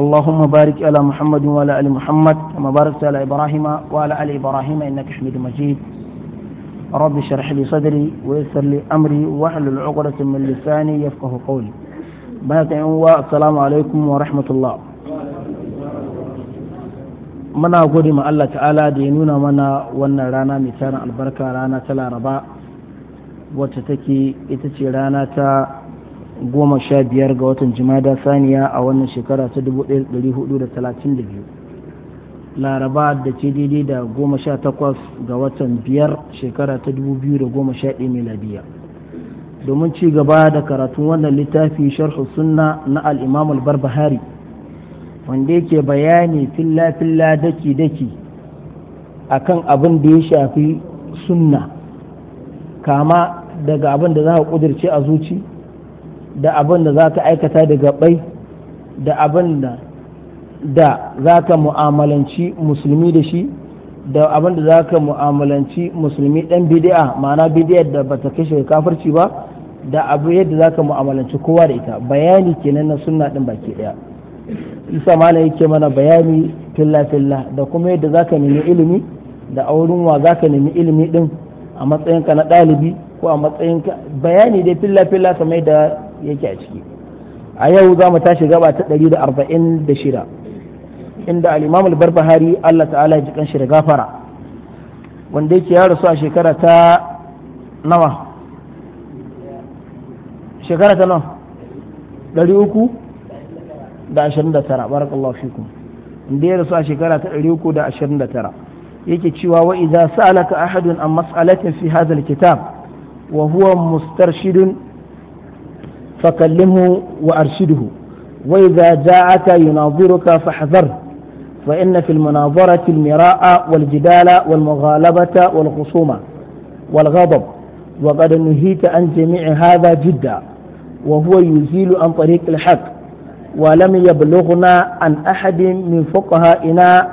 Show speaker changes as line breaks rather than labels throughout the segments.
اللهم بارك على محمد وعلى ال محمد كما باركت على ابراهيم وعلى ال ابراهيم انك حميد مجيد رب اشرح لي صدري ويسر لي امري واحلل عقدة من لساني يفقه قولي بارك السلام عليكم ورحمه الله muna gode ma Allah ta'ala da ya nuna mana wannan rana mai tarin albarka rana ta laraba wacce take ita ce rana ta goma sha biyar ga watan jimada saniya a wannan shekara ta dubu biyu laraba da ce daidai da goma sha takwas ga watan biyar shekara ta dubu biyu da goma sha 2011 miladiya domin ci gaba da karatun wannan littafi sharhu sunna na al'imam al-barbahari wanda yake bayani filla-filla daki-daki akan abin da ya shafi sunna kama daga abin da za a kudirce a zuci da abin da za ka aikata da gabai da abin da za ka mu'amalanci musulmi da shi da abin da za ka mu'amalanci musulmi ɗan bidi'a ma'ana bidiyar da bata kashe kafirci ba da abu yadda za ka mu'amalanci kowa da ita bayani kenan na sunna ɗin baki ɗaya isa mana yake mana bayani filla filla da kuma yadda za ka nemi ilimi da auren wa za ka nemi ilimi ɗin a matsayinka na ɗalibi ko a matsayinka bayani dai filla filla kamar da yake a ciki a yau za mu tashi gaba ta 146 inda al-imam al-barbahari Allah ta'ala ya ji kanshi da gafara wanda yake ya rasu a shekara ta nawa shekara ta nawa 329 barakallahu fikum inda ya rasu a shekara ta 329 yake cewa wa idza sa'alaka ahadun an mas'alatin fi hadha al-kitab wa huwa mustarshidun فكلمه وأرشده وإذا جاءك يناظرك فاحذره فإن في المناظرة المراء والجدال والمغالبة والخصومة والغضب وقد نهيت عن جميع هذا جدا وهو يزيل عن طريق الحق ولم يبلغنا عن أحد من فقهائنا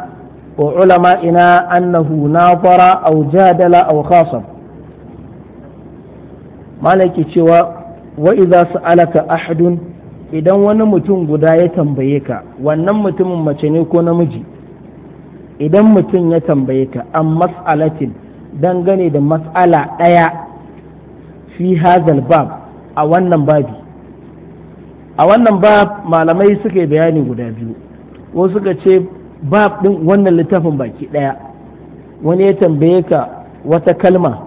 وعلمائنا أنه ناظر أو جادل أو خاصم مالك شوى wa idza sa'alaka ahadun idan wani mutum guda ya tambaye ka wannan mutumin mace ne ko namiji idan mutum ya tambaye ka an mas'alatin dangane da mas'ala ɗaya fi hazal bab a wannan babi a wannan bab malamai suka yi bayani guda biyu ko suka ce bab ɗin wannan littafin baki ɗaya wani ya tambaye ka wata kalma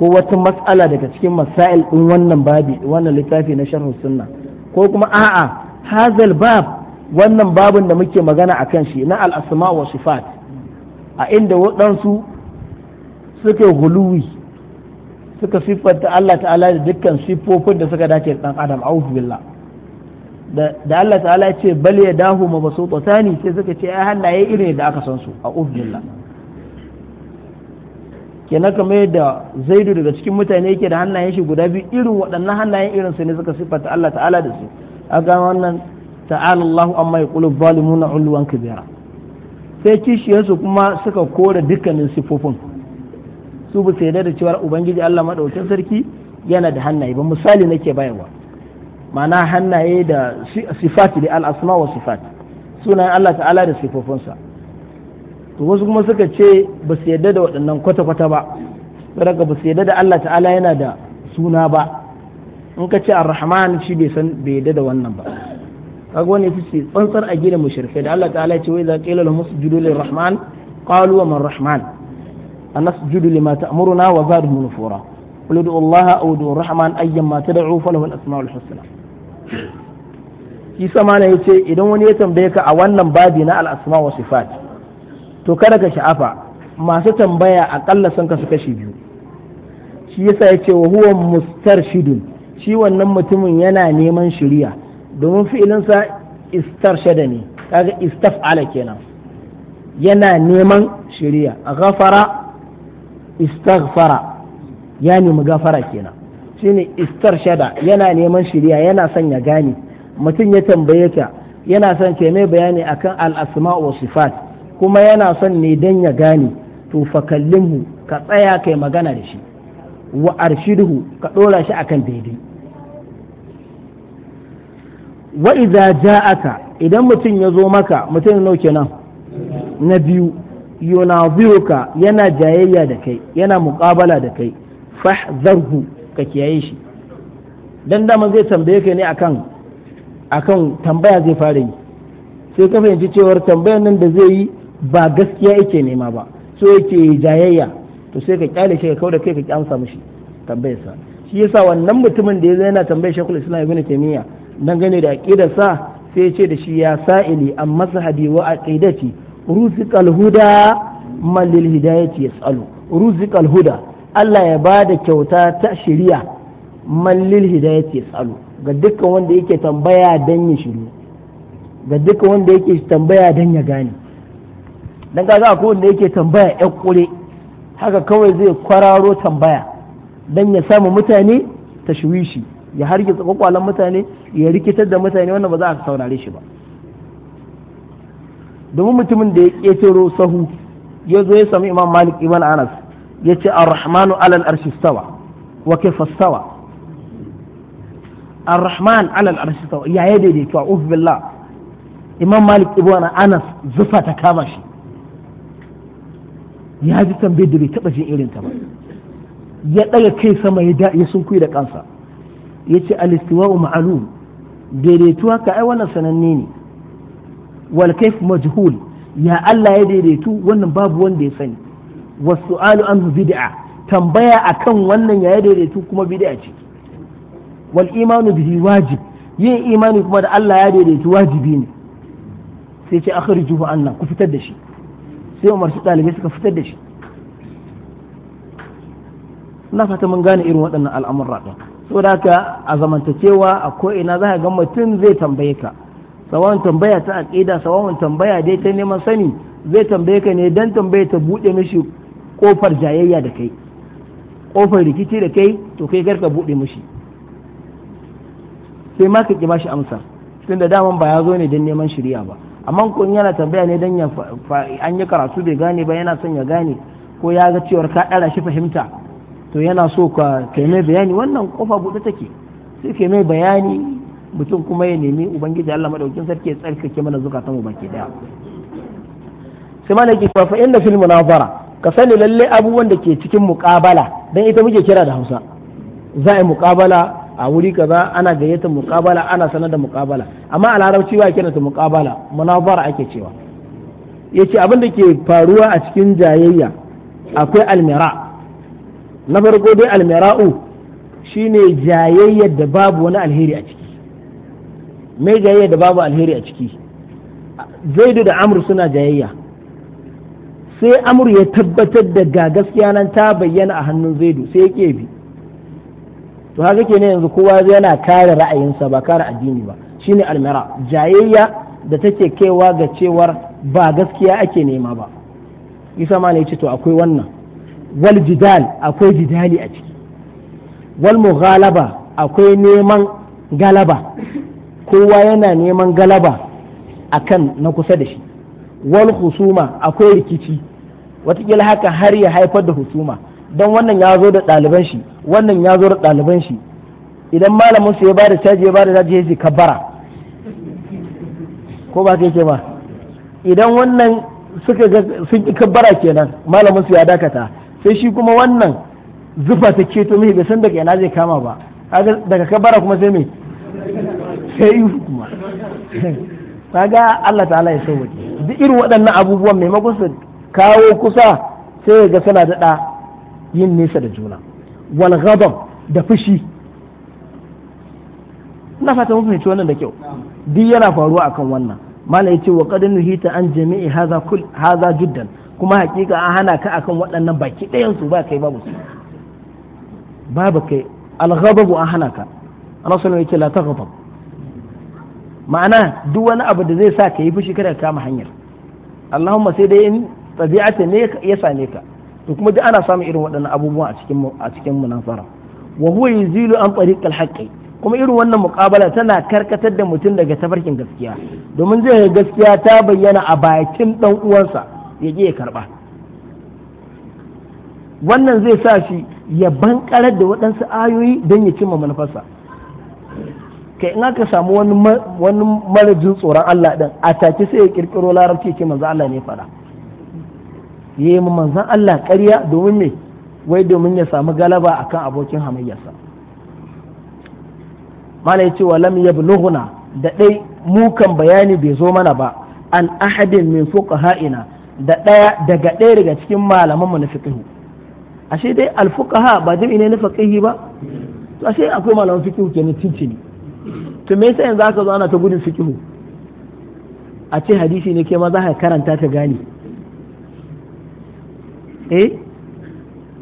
ko wata matsala daga cikin masail din wannan babi wannan littafi na sharhu sunna ko kuma a'a hazal bab wannan babin da muke magana a kan shi na al asma wa sifat a inda waɗansu suke huluwi suka siffanta Allah ta'ala da dukkan siffofin da suka dace dan adam a'udhu billah da Allah ta'ala ya ce bal yadahu mabsutatan sai suka ce ai hannaye irin da aka san su a'udhu billah yana kamar yadda zaidu daga cikin mutane yake da hannayen shi guda biyu irin waɗannan hannayen irin su ne suka siffata Allah ta'ala da su a aga wannan ta'ala Allahu amma yaqulu zalimuna ulwan kabira sai kishiyarsu kuma suka kore dukkanin siffofin su ba sai da cewa ubangiji Allah madaukakin sarki yana da hannaye ba misali nake bayarwa ma'ana hannaye da sifati da al-asma wa sifat sunan Allah ta'ala da sifofinsa to wasu kuma suka ce ba su yadda da waɗannan kwata-kwata ba daga ba su yadda da Allah ta'ala yana da suna ba in ka ce ar-rahman shi bai san bai yadda da wannan ba kaga wani ita tsantsar a gidan mushrikai da Allah ta'ala ya ce wai za qila lahum sujudu lir-rahman qalu wa man rahman anasjudu lima ta'muruna wa zadu nufura qul ud'u Allah aw ud'u ar-rahman ayyamma tad'u falahu al-asma'ul husna isa ma ne yace idan wani ya tambaye ka a wannan babi na al-asma' wa sifat to kada ka sha'afa masu tambaya akalla sun kasu kashi biyu shi yasa ya ce wa huwa shidun, shi wannan mutumin yana neman shiriya domin fi'ilinsa shada ne kaga ala kenan yana neman shiriya gafara istaghfara ya nemi gafara kenan shine shada, yana neman shiriya yana son ya gane mutum ya tambaye ta yana son ke mai bayani akan al-asma wa sifat kuma yana son ne don ya gane to fa kallimhu ka tsaya kai magana da shi wa arshiduhu ka ɗora shi akan daidai wa idza ja'aka idan mutum ya zo maka mutum nau kenan na biyu ka yana jayayya da kai yana muƙabala da kai fahzarhu ka kiyaye shi dan dama zai tambaye kai ne akan akan tambaya zai fara yi sai ka fahimci cewar tambayar nan da zai yi ba gaskiya yake nema ba so yake jayayya to sai ka kyale shi ka kauda kai ka kyamsa mishi tambayarsa shi yasa wannan mutumin da ya zai yana tambayar Sheikhul Islam Ibn Taymiyyah gani da sa sai ya ce da shi ya sa'ili an mazhabi wa aqidati ruziqal huda man lil hidayati yasalu ruziqal huda Allah ya ba da kyauta ta shiriya man lil hidayati yasalu ga dukkan wanda yake tambaya dan ya shiru ga dukkan wanda yake tambaya dan ya gane dan kaga akwai wanda yake tambaya yan kure haka kawai zai kwararo tambaya dan ya samu mutane ta tashwishi ya harge kwakwalan mutane ya rikitar da mutane wannan ba za a saurare shi ba domin mutumin da ya ƙetaro sahu ya zo ya sami imam malik ibn anas ya ce ar-rahmanu alal arshi stawa wa kaifa stawa rahman alal arshi stawa yaya yi a uf billah imam malik ibn anas zufa ta kama shi ya ji tambayar da bai taɓa jin irin ta ba ya ɗaga kai sama ya ya sunkuyi da kansa ya ce alistiwa'u ma'alum daidaituwa ka ai wannan sananne ne wal kaif majhul ya Allah ya daidaitu wannan babu wanda ya sani wasu'alu anhu bid'a tambaya akan wannan ya daidaitu kuma bid'a ce wal imanu bihi wajib yin imani kuma da Allah ya daidaitu wajibi ne sai ce akhrijuhu annan ku fitar da shi sai umarci ɗalibai suka fitar da shi na fata mun gane irin waɗannan al'amurra ɗin saboda haka a zamantakewa a ko'ina za ka ga mutum zai tambaye ka sawan tambaya ta aƙida sawan tambaya dai ta neman sani zai tambaye ka ne dan tambaye ta buɗe mishi ƙofar jayayya da kai ƙofar rikici da kai to kai garka buɗe mishi sai ma ka ƙi bashi amsa tunda daman ba ya zo ne don neman shirya ba amma kun yana tambaya ne dan an yi karatu bai gane ba yana son ya gane ko ya ga cewar ka ɗara shi fahimta to yana so ka kai mai bayani wannan kofa buɗe take sai kai mai bayani mutum kuma ya nemi ubangiji Allah madaukin sarki ya tsarkake mana zukatan mu baki daya sai mana yake fa inna fil munazara ka sani lalle abubuwan da ke cikin muqabala dan ita muke kira da Hausa za a yi muqabala a wuri kaza ana gayyata muqabala ana sanar da muqabala amma a larabci ba kiran ta muqabala munazara ake cewa yace abin da ke faruwa a cikin jayayya akwai almira na farko dai almira'u shine jayayyar da babu wani alheri a ciki mai jayayyar da babu alheri a ciki zaidu da amru suna jayayya sai amru ya tabbatar da ga gaskiya nan ta bayyana a hannun zaidu sai ya bi to haka ke ne yanzu kowa yana kare ra'ayinsa ba kare addini ba shine almira jayayya da take kaiwa ga cewar ba gaskiya ake nema ba isa ma ne ce to akwai wannan wal jidal akwai jidali a ciki wal mughalaba akwai neman galaba kowa yana neman galaba akan na kusa da shi wal husuma akwai rikici watakila haka har ya haifar da husuma don wannan ya zo da ɗaliban shi wannan ya zo da ɗaliban shi idan malamin su ya ba da caji ya ba da caji ya ce kabara ko ba ke ba idan wannan suka ga sun ki kabara kenan malamin su ya dakata sai shi kuma wannan zufa ta keto mai bai san daga yana zai kama ba daga kabara kuma sai me sai yi kuma kaga Allah ta'ala ya sauwake duk irin waɗannan abubuwan maimakon su kawo kusa sai ga suna daɗa yin nesa da juna wal ghadab da fushi ina fata mun fahimci wannan da kyau duk yana faruwa akan wannan malai yace wa qad nuhita an jami'i hadha kull hadha jiddan kuma hakika an hana ka akan waɗannan baki ɗayan su ba kai babu su babu kai al ghadab an hana ka rasulullahi yace la taghdab ma'ana duk wani abu da zai sa ka yi fushi kada ka kama hanyar allahumma sai dai in tabi'ata ne ya same ka to kuma duk ana samun irin waɗannan abubuwa a cikin a cikin munafara wa huwa yuzilu an tariqal haqqi kuma irin wannan muƙabala tana karkatar da mutum daga tafarkin gaskiya domin zai ga gaskiya ta bayyana a bakin dan uwansa ya je ya karba wannan zai sa shi ya bankarar da waɗansu ayoyi don ya cimma manufarsa kai in aka samu wani marajin tsoron Allah din a take sai ya kirkiro larabci ce manzo Allah ne fara ya yi manzan Allah ƙarya domin me wai domin ya samu galaba akan abokin hamayyarsa Mana ya ce wa lam yablughuna da ɗai mukan bayani bai zo mana ba an ahadin min ha'ina da ɗaya daga ɗaya daga cikin malaman mu na fiqhu ashe dai al ha ba jami'i ne na fiqhi ba to ashe akwai malaman fiqhu kenan tintini to me yasa yanzu aka zo ana ta gudun fiqhu a ce hadisi ne ke ma za ka karanta ta gane eh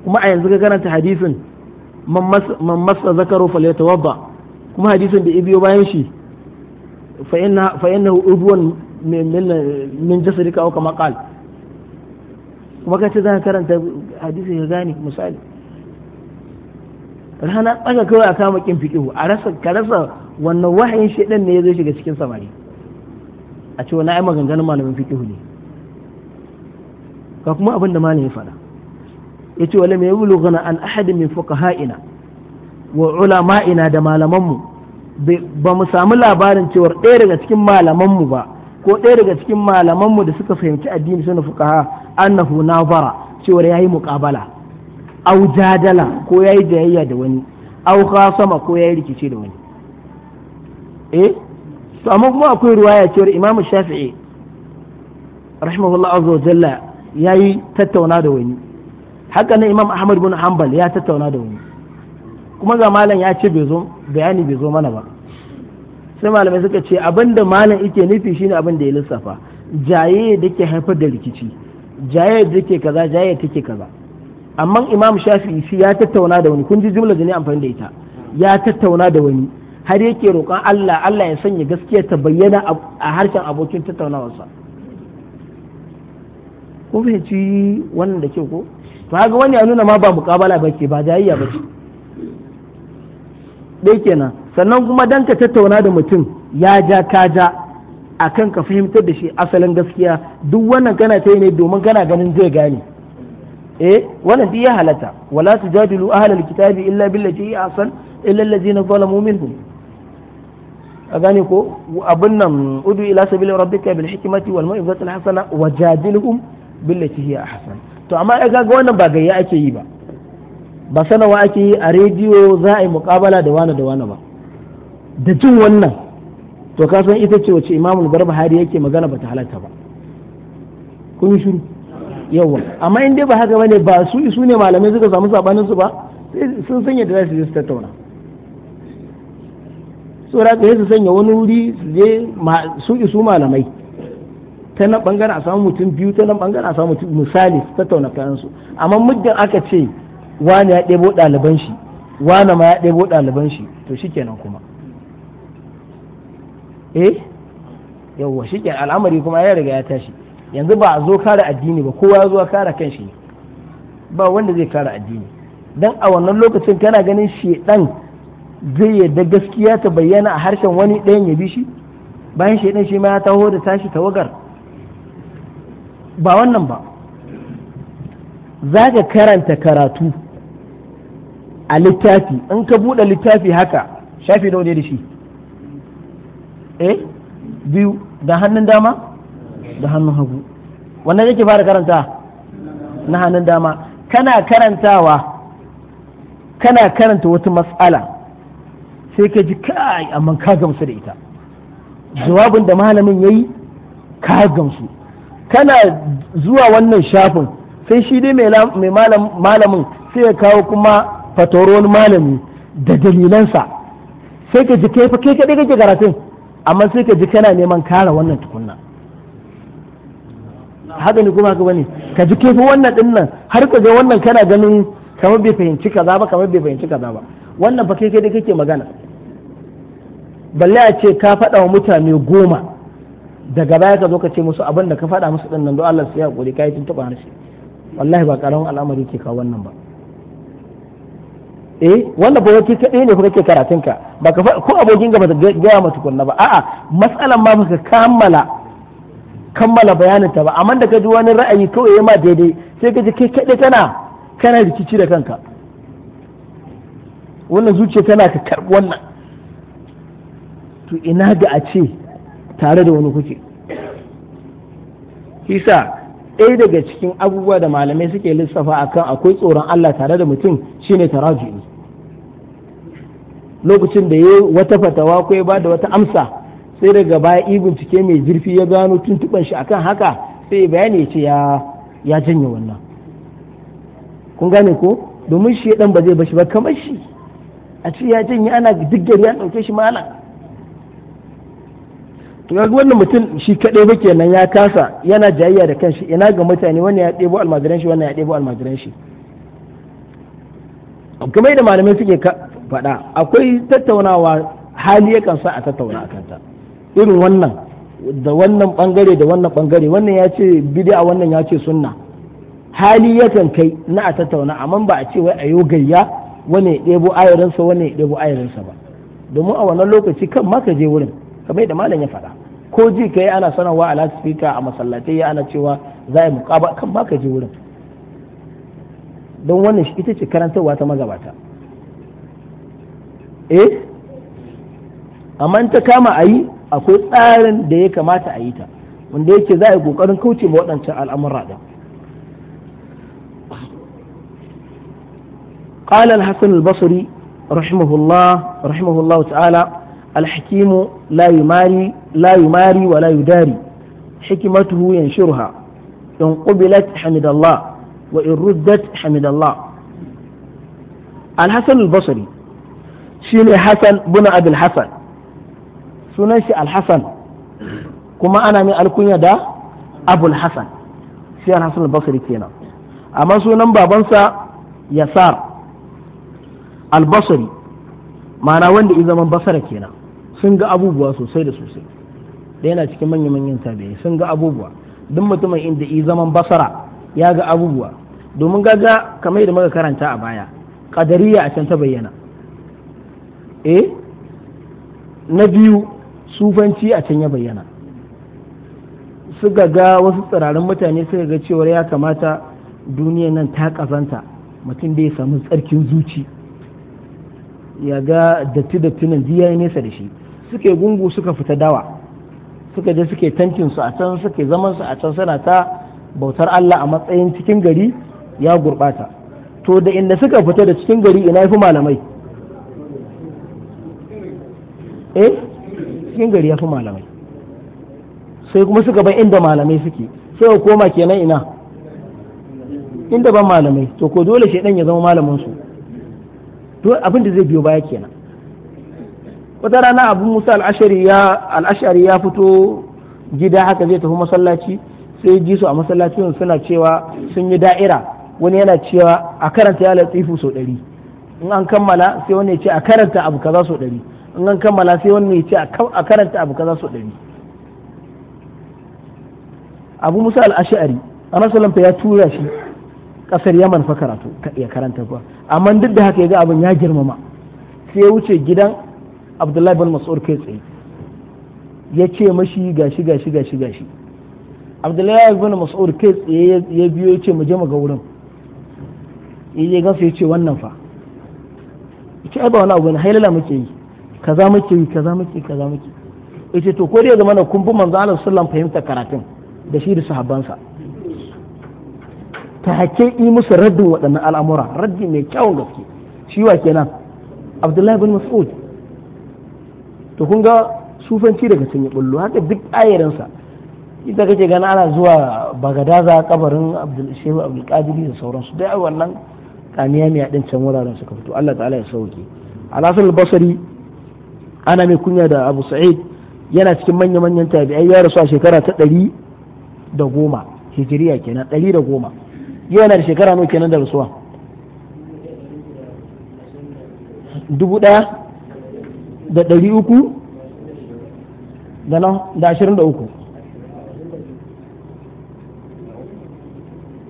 kuma a yanzu ka karanta hadisin man masa zakaru falyatawadda kuma hadisin da ibiyo bayan shi fa inna fa innahu udwan min jasadika aw kama qal kuma ka ce za ka karanta hadisin ya gani misali rana tsaka kawai a kama kin fiƙihu a rasa ka rasa wannan wahayin shedan ne ya zo shiga cikin samari a ce wani ai maganganun malamin fiƙihu ne ka kuma abin da malamin faɗa yace wala mai bulughana an ahadin min fuqaha'ina wa ulama'ina da malamanmu ba mu samu labarin cewar ɗaya daga cikin malamanmu ba ko ɗaya daga cikin malamanmu da suka fahimci addini suna fuqaha annahu nazara cewar yayi muqabala aw jadala ko yayi jayayya da wani aw khasama ko yayi rikice da wani eh to amma kuma akwai riwaya cewar imamu shafi'i rahimahullahu azza wa jalla yayi tattauna da wani haka nan imam ahmad bin hanbal ya tattauna da wani kuma ga malam ya ce bayani bai zo mana ba sai malamai suka ce abinda malam yake nufi shine abin da ya lissafa jaye da ke haifar da rikici jaye da ke kaza jaye ke kaza amma imam shafi shi ya tattauna da wani kun ji jimla da ne amfani da ita ya tattauna da wani har yake roƙon Allah Allah ya sanya gaskiya ta bayyana a harshen abokin tattaunawarsa kun fahimci wannan da ke ko to haka wani ya nuna ma ba mukabala ba ke ba jayayya ba ce dai kenan sannan kuma dan ka tattauna da mutum ya ja ka ja a kan ka fahimtar da shi asalin gaskiya duk wannan kana ta yi ne domin kana ganin zai gane eh wannan duk ya halatta wala su tujadilu ahlal kitabi illa billati hi ahsan illa allazina zalamu minhum a gane ko abin nan udu ila sabili rabbika bil hikmati wal mau'izati al hasana wajadilhum billati hi ahsan to amma ya kaga wannan ba gayya ake yi ba ba sanawa ake yi a rediyo za a yi muƙabala da wani da wani ba da jin wannan to ka san ita ce wace imamul barbahari yake magana bata halatta ba kun shiru yawa amma in dai ba haka bane ba su su ne malamai suka samu sabanin su ba sun sanya da za su je su tattauna su sanya wani wuri su je su isu malamai ta nan bangaren a samu mutum biyu ta nan bangaren a samu mutum misali su tattauna kayansu amma muddin aka ce wani ya ɗebo ɗaliban shi wani ma ya ɗebo ɗaliban shi to shikenan kuma eh yawwa shike al'amari kuma ya riga ya tashi yanzu ba a zo kare addini ba kowa ya zo kare kanshi ne ba wanda zai kare addini dan a wannan lokacin kana ganin shedan zai yadda gaskiya ta bayyana a harshen wani ɗayan ya bi shi bayan shedan shi ma ya taho da tashi tawagar ba wannan ba za ka karanta karatu a littafi in ka buɗe littafi haka shafi nawa ne da shi eh biyu da hannun dama da hannun hagu wannan yake fara karanta na hannun dama kana karantawa kana karanta wata matsala sai ka ji kai amma ka gamsu da ita jawabin da malamin ya yi ka gamsu kana zuwa wannan shafin sai shi dai mai malamin sai ya kawo kuma fatoron malami da dalilansa sai ka ji kai kai kaɗai kake karatun amma sai ka ji kana neman kara wannan tukunna haka ne kuma haka bane ka ji kai wannan din nan har ka ga wannan kana ganin kamar bai fahimci kaza ba kamar bai fahimci kaza ba wannan fa kai kaɗai kake magana balle a ce ka faɗa wa mutane goma daga baya ka zo ka ce musu abin da ka faɗa musu ɗin nan don Allah su ya hakuri kai tun taɓa harshe wallahi ba ƙaramin al'amari ke kawo wannan ba eh wanda ba yake kaɗai ne ke karatun ka ba ka ko abokin gaba ba gaya ma tukunna ba a'a matsalan ma baka kammala kammala bayanin ta ba amma da ka ji wani ra'ayi kawai ya ma daidai sai ka ji kai kaɗai tana kana rikici da kanka wannan zuciya tana ka karɓi wannan to ina ga a ce tare da wani kuke Kisa ɗaya daga cikin abubuwa da malamai suke lissafa akan akwai tsoron Allah tare da mutum shine taraji lokacin da ya wata fatawa ko ya bada wata amsa sai daga baya yi bincike mai zurfi ya gano tuntuban shi akan haka sai bayani ya ce ya janye wannan kun gane ko domin shi dan ba zai bashi ba kamar shi a ce ya janye ana duk gari ya ɗauke shi malam to ga wannan mutum shi kadai ba kenan ya kasa yana jayayya da kanshi ina ga mutane wannan ya ɗebo almajiran shi wannan ya ɗebo almajiran shi kamar da malamai suke faɗa akwai tattaunawa hali ya kansa a tattauna akan ta irin wannan da wannan bangare da wannan bangare wannan ya ce bid'a wannan ya ce sunna hali yakan kai na a tattauna amma ba a ce wai a yo gayya wani ya ɗebo ayarinsa wani ya ɗebo ayarinsa ba domin a wannan lokaci kan ma je wurin kamar da malam ya faɗa ko ji ka yi ana sanarwa a lasifika a masallatai ya ana cewa za a muƙaba kan baka ji wurin don wannan ita ce karantarwa ta magabata eh amma ta kama a yi akwai tsarin da ya kamata a yi ta wanda yake za a yi ƙoƙarin kauce ma waɗancan al'amura ɗin قال الحسن البصري رحمه الله رحمه الله تعالى الحكيم لا يماري لا يماري ولا يداري حكمته ينشرها إن قبلت حمد الله وإن ردت حمد الله الحسن البصري شيني حسن بن أبي الحسن سنشي الحسن كما أنا من الكنية دا أبو الحسن شي الحسن البصري كينا أما سنن بابنسا يسار البصري ma'ana wanda ya zaman basara kenan sun ga abubuwa sosai da sosai da yana cikin manya manyan tabi'ai sun ga abubuwa duk mutumin inda i zaman basara ya ga abubuwa domin gaga kamar da muka karanta a baya kadariya a can ta bayyana eh na biyu sufanci a can ya bayyana suka ga wasu tsirarin mutane suka ga cewa ya kamata duniya nan ta kazanta mutum da ya samu tsarkin zuci ya ga datti datti nan ya nesa da shi suke gungu suka fita dawa suka je suke tantin su a can suke zaman su a can suna ta bautar Allah a matsayin cikin gari ya gurbata to da inda suka fita da cikin gari ina fi malamai eh cikin gari ya fi malamai sai kuma suka bar inda malamai suke sai koma kenan ina inda ban malamai to ko dole shedan ya zama malamin su to abin da zai biyo baya kenan wata rana abu musa al'ashari ya fito gida haka zai tafi masallaci sai ji su a masallacin suna cewa sun yi da'ira wani yana cewa a karanta ya latsifu sau ɗari in an kammala sai wani ya ce a karanta abu kaza sau ɗari in an kammala sai wani ya ce a karanta abu kaza sau ɗari abu musa al'ashari anasalam ya tura shi kasar yaman fa karatu ya karanta ba amma duk da haka ya ga abin ya girmama sai ya wuce gidan abdullahi bin mas'ud kai tsaye ya ce mashi gashi gashi gashi gashi abdullahi bin mas'ud kai tsaye ya biyo ya ce mu je mu ga wurin ya gasa ya ce wannan fa ya ce ai ba wani abu ne hailala muke yi kaza muke yi kaza muke kaza muke ya ce to ko dai zama na kumbu manzo Allah sallam fahimta karatun da shi da sahabbansa ta hake yi musu raddin waɗannan al'amura raddi mai kyawun gaske shi wa kenan abdullahi bin mas'ud to kun ga sufanci daga can ya bullo haka duk ayarinsa ita kake gani ana zuwa bagadaza kabarin abdulshehu shehu da sauransu dai wannan kaniya ne a din can wuraren suka fito Allah ta'ala ya sauke alasul basari ana mai kunya da abu sa'id yana cikin manya manyan tabi'ai ya rasu a shekara ta ɗari da goma hijiriya kenan ɗari da goma yana da shekara nawa kenan da rasuwa dubu ɗaya da ɗari uku da nan da ashirin da uku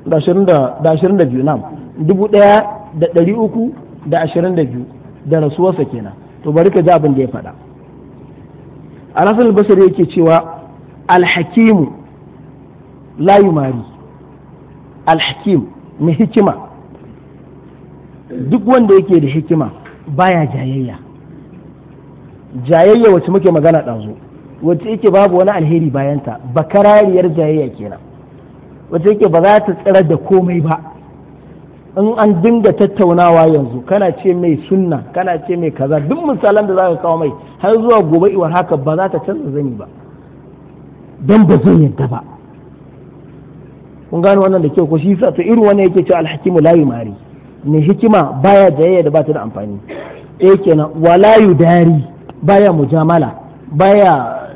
da ashirin da biyu nan dubu ɗaya da ɗari uku da ashirin da biyu da rasuwarsa kenan to bari ka ji abin da ya faɗa rasar albasari yake cewa alhakimu layu mari alhakim mai hikima duk wanda yake da hikima baya jayayya jayayya wacce muke magana ɗazu wacce yake babu wani alheri bayanta bakarariyar jayayya kenan wacce yake ba za ta tsira da komai ba in an dinga tattaunawa yanzu kana ce mai sunna kana ce mai kaza duk misalan da za ka kawo mai har zuwa gobe iwar haka ba za ta canza zani ba
don ba zai yadda ba
kun gano wannan da kyau ko shi sa to irin wannan yake cewa alhakimu layu mari ne hikima baya jayayya da ba ta da amfani eh kenan walayu layu dari baya mujamala baya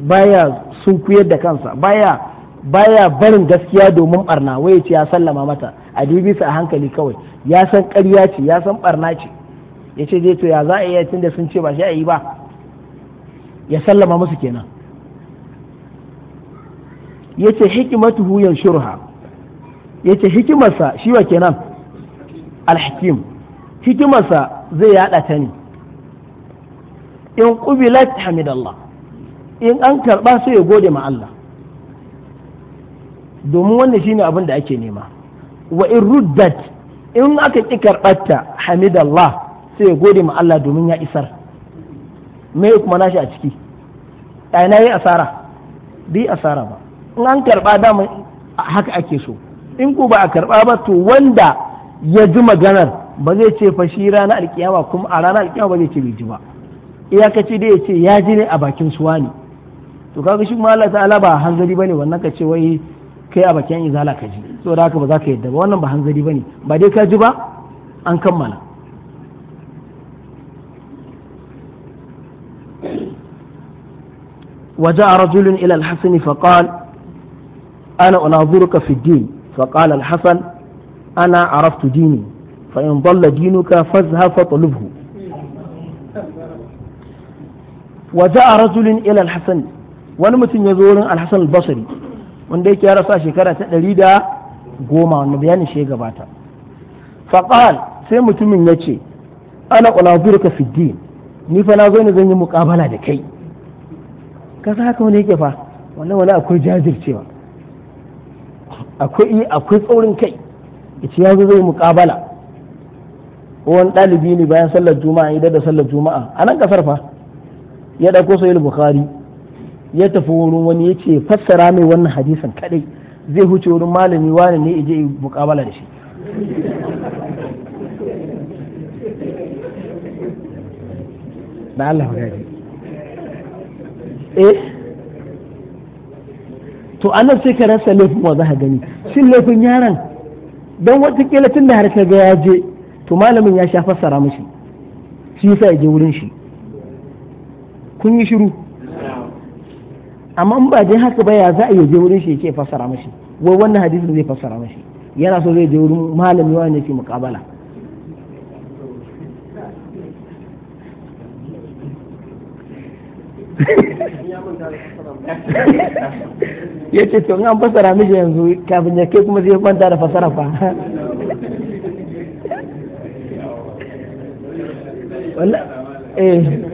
baya sunkuyar da kansa baya baya barin gaskiya domin barna waye ce ya sallama mata a dubi a hankali kawai ya san ƙarya ce ya san barna ce ya ce zai to ya za a iya tunda sun ce ba shi a yi ba ya sallama musu kenan ya ce huyan shurha ya ce hikimarsa shi wa kenan alhakim hikimarsa zai yada ta ne in qubilat hamidallah in an karɓa sai ya gode ma Allah domin wannan shine abin da ake nema wa in ruddat in aka ki karbatta hamidallah sai ya gode ma Allah domin ya isar me kuma nashi a ciki ɗana yi asara bi asara ba in an karɓa dama haka ake so in ko ba a karɓa ba to wanda ya ji maganar ba zai ce fashi rana alkiyama kuma a rana alkiyama ba zai ce bai ji ba iyakaci da ya ce ya ji ne a bakin suwani ne to kaga shi Allah ta'ala ba hanzari bane wannan ka ce wai kai a bakin izala ka ji saboda haka ba za ka yadda ba wannan ba hanzari bane ba dai ka ji ba an kammala وجاء رجل إلى الحسن فقال أنا أناظرك في الدين فقال الحسن أنا عرفت ديني فإن ضل دينك فاذهب فاطلبه Waje a rajulin ila al wani mutum ya zo wurin Alhassan al-basri wanda yake ya rasa shekara ta ɗari da goma wanda bayanin shi ya gabata faqal sai mutumin ya ce ana unaziruka fi fiddi ni fa na zo ne zan yi muƙabala da kai ka san haka wani yake fa wannan wani akwai jajircewa akwai akwai tsaurin kai ce ya zo zai muƙabala wani ɗalibi ne bayan sallar juma'a idan da sallar juma'a a nan kasar fa ya ɗauko sahih bukhari ya tafi wurin wani ya ce fassara mai wannan hadisin kadai zai huce wurin malami wani ne ije mukabala da shi da Allah gaji
eh to annan sai ka
rasa laifin wa za ka gani shin laifin yaron don watakila tun da har ka ga ya je to malamin ya sha fassara mishi shi yasa ya je wurin shi kun yi shiru amma in ba je haka ba ya za a yi je wurin shi yake fassara mashi wai wannan hadisin zai fassara mashi yana so zai je wurin malami wanda yake mukabala ya ce to an fassara mashi yanzu kafin ya kai kuma zai kwanta da fassara fa eh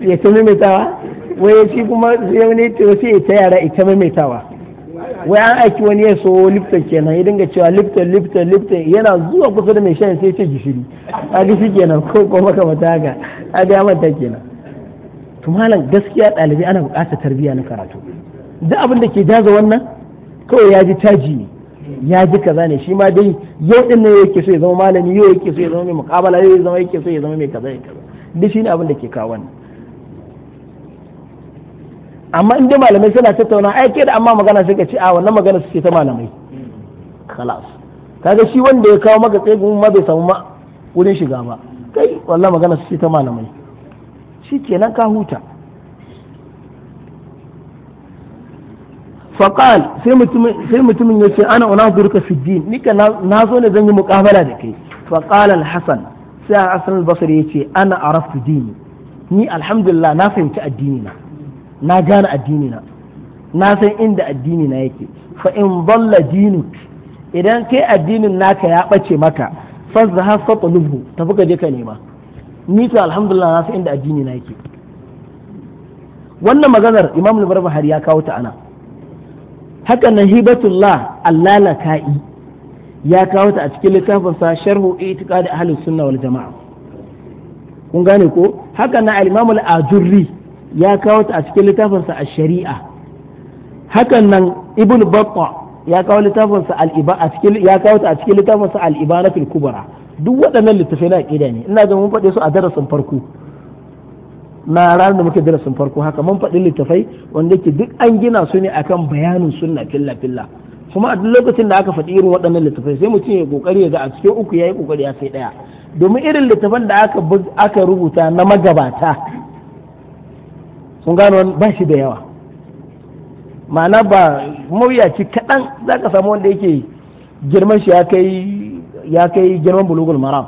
ya ta maimaitawa wai ya ci kuma sai wani ya ta yara ita maimaitawa wai an aiki wani ya so lifton kenan ya dinga cewa lifton lifton lifton yana zuwa kusa da mai shan sai ce gishiri a gishi kenan ko ko maka mata haka a ga mata kenan to malam gaskiya ɗalibai ana buƙatar tarbiyya na karatu duk abin da ke jaza wannan kawai ya ji caji ne ya ji kaza ne shi ma dai yau din ne yake so ya zama malami yau yake so ya zama mai muƙabala yau yake so ya zama mai kaza ya kaza duk shi ne abin da ke kawo wannan amma inda malamai suna tattauna ai ke da amma magana sai ka ce a wannan magana suke ta malamai khalas kaga shi wanda ya kawo maka tsegun ma bai samu ma wurin shiga ba kai wallahi magana suke ta malamai shikenan ka huta faqal sai mutumin sai mutumin yace ana unazuruka fi din nika na zo ne zan yi muqabala da kai faqala al-hasan sai al-hasan al-basri yace ana araftu dini ni alhamdulillah na fahimci addini na na gane addini na na san inda addini na yake fa in dalla dinuk idan kai addinin naka ya bace maka fazzaha fatlubhu tafi ka je ka nema ni to alhamdulillah na san inda addini na yake wannan maganar imam al-barbahari ya kawo ta ana haka nan hibatullah allalaka'i ya kawo ta a cikin littafin sa sharhu itiqad ahli sunna wal jamaa kun gane ko haka nan al-imam al-ajurri ya kawo ta a cikin littafinsa a shari'a hakan nan ibn batta ya kawo littafinsa al'iba a cikin ya kawo ta a cikin littafinsa fil kubra duk waɗannan littafai na aqida ne ina ga mun faɗe su a darasin farko na ranar da muke darasin farko haka mun faɗi littafai wanda yake duk an gina su ne akan bayanin sunna filla filla kuma a duk lokacin da aka faɗi irin waɗannan littafai sai mutum ya kokari ya ga a cikin uku yayi kokari ya sai daya domin irin littafan da aka aka rubuta na magabata kun gano ba shi da yawa ma'ana ba mawuyaci kaɗan za ka samu wanda yake girman shi ya kai girman bulugul maram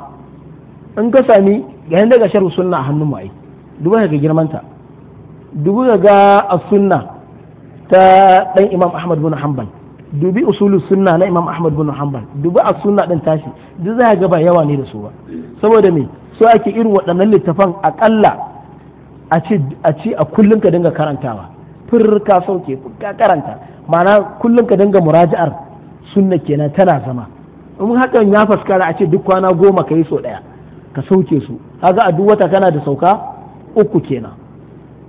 in ka sami yayin daga sharu sunna a hannun ma'ai dubu ga girmanta dubu ga a sunna ta ɗan imam ahmad bin hanbal dubi usulu sunna na imam ahmad bin hanbal dubi a sunna ɗin tashi duk za ga ba yawa ne da su ba saboda me so ake irin waɗannan littafan aƙalla. a ce a kullum ka dinga karantawa fir ka sauke ka karanta ma'ana kullum ka dinga muraji'ar sunna kenan tana zama in hakan ya faskara a ce duk kwana goma ka yi sau ɗaya ka sauke su kaga a duk wata kana da sauka uku kenan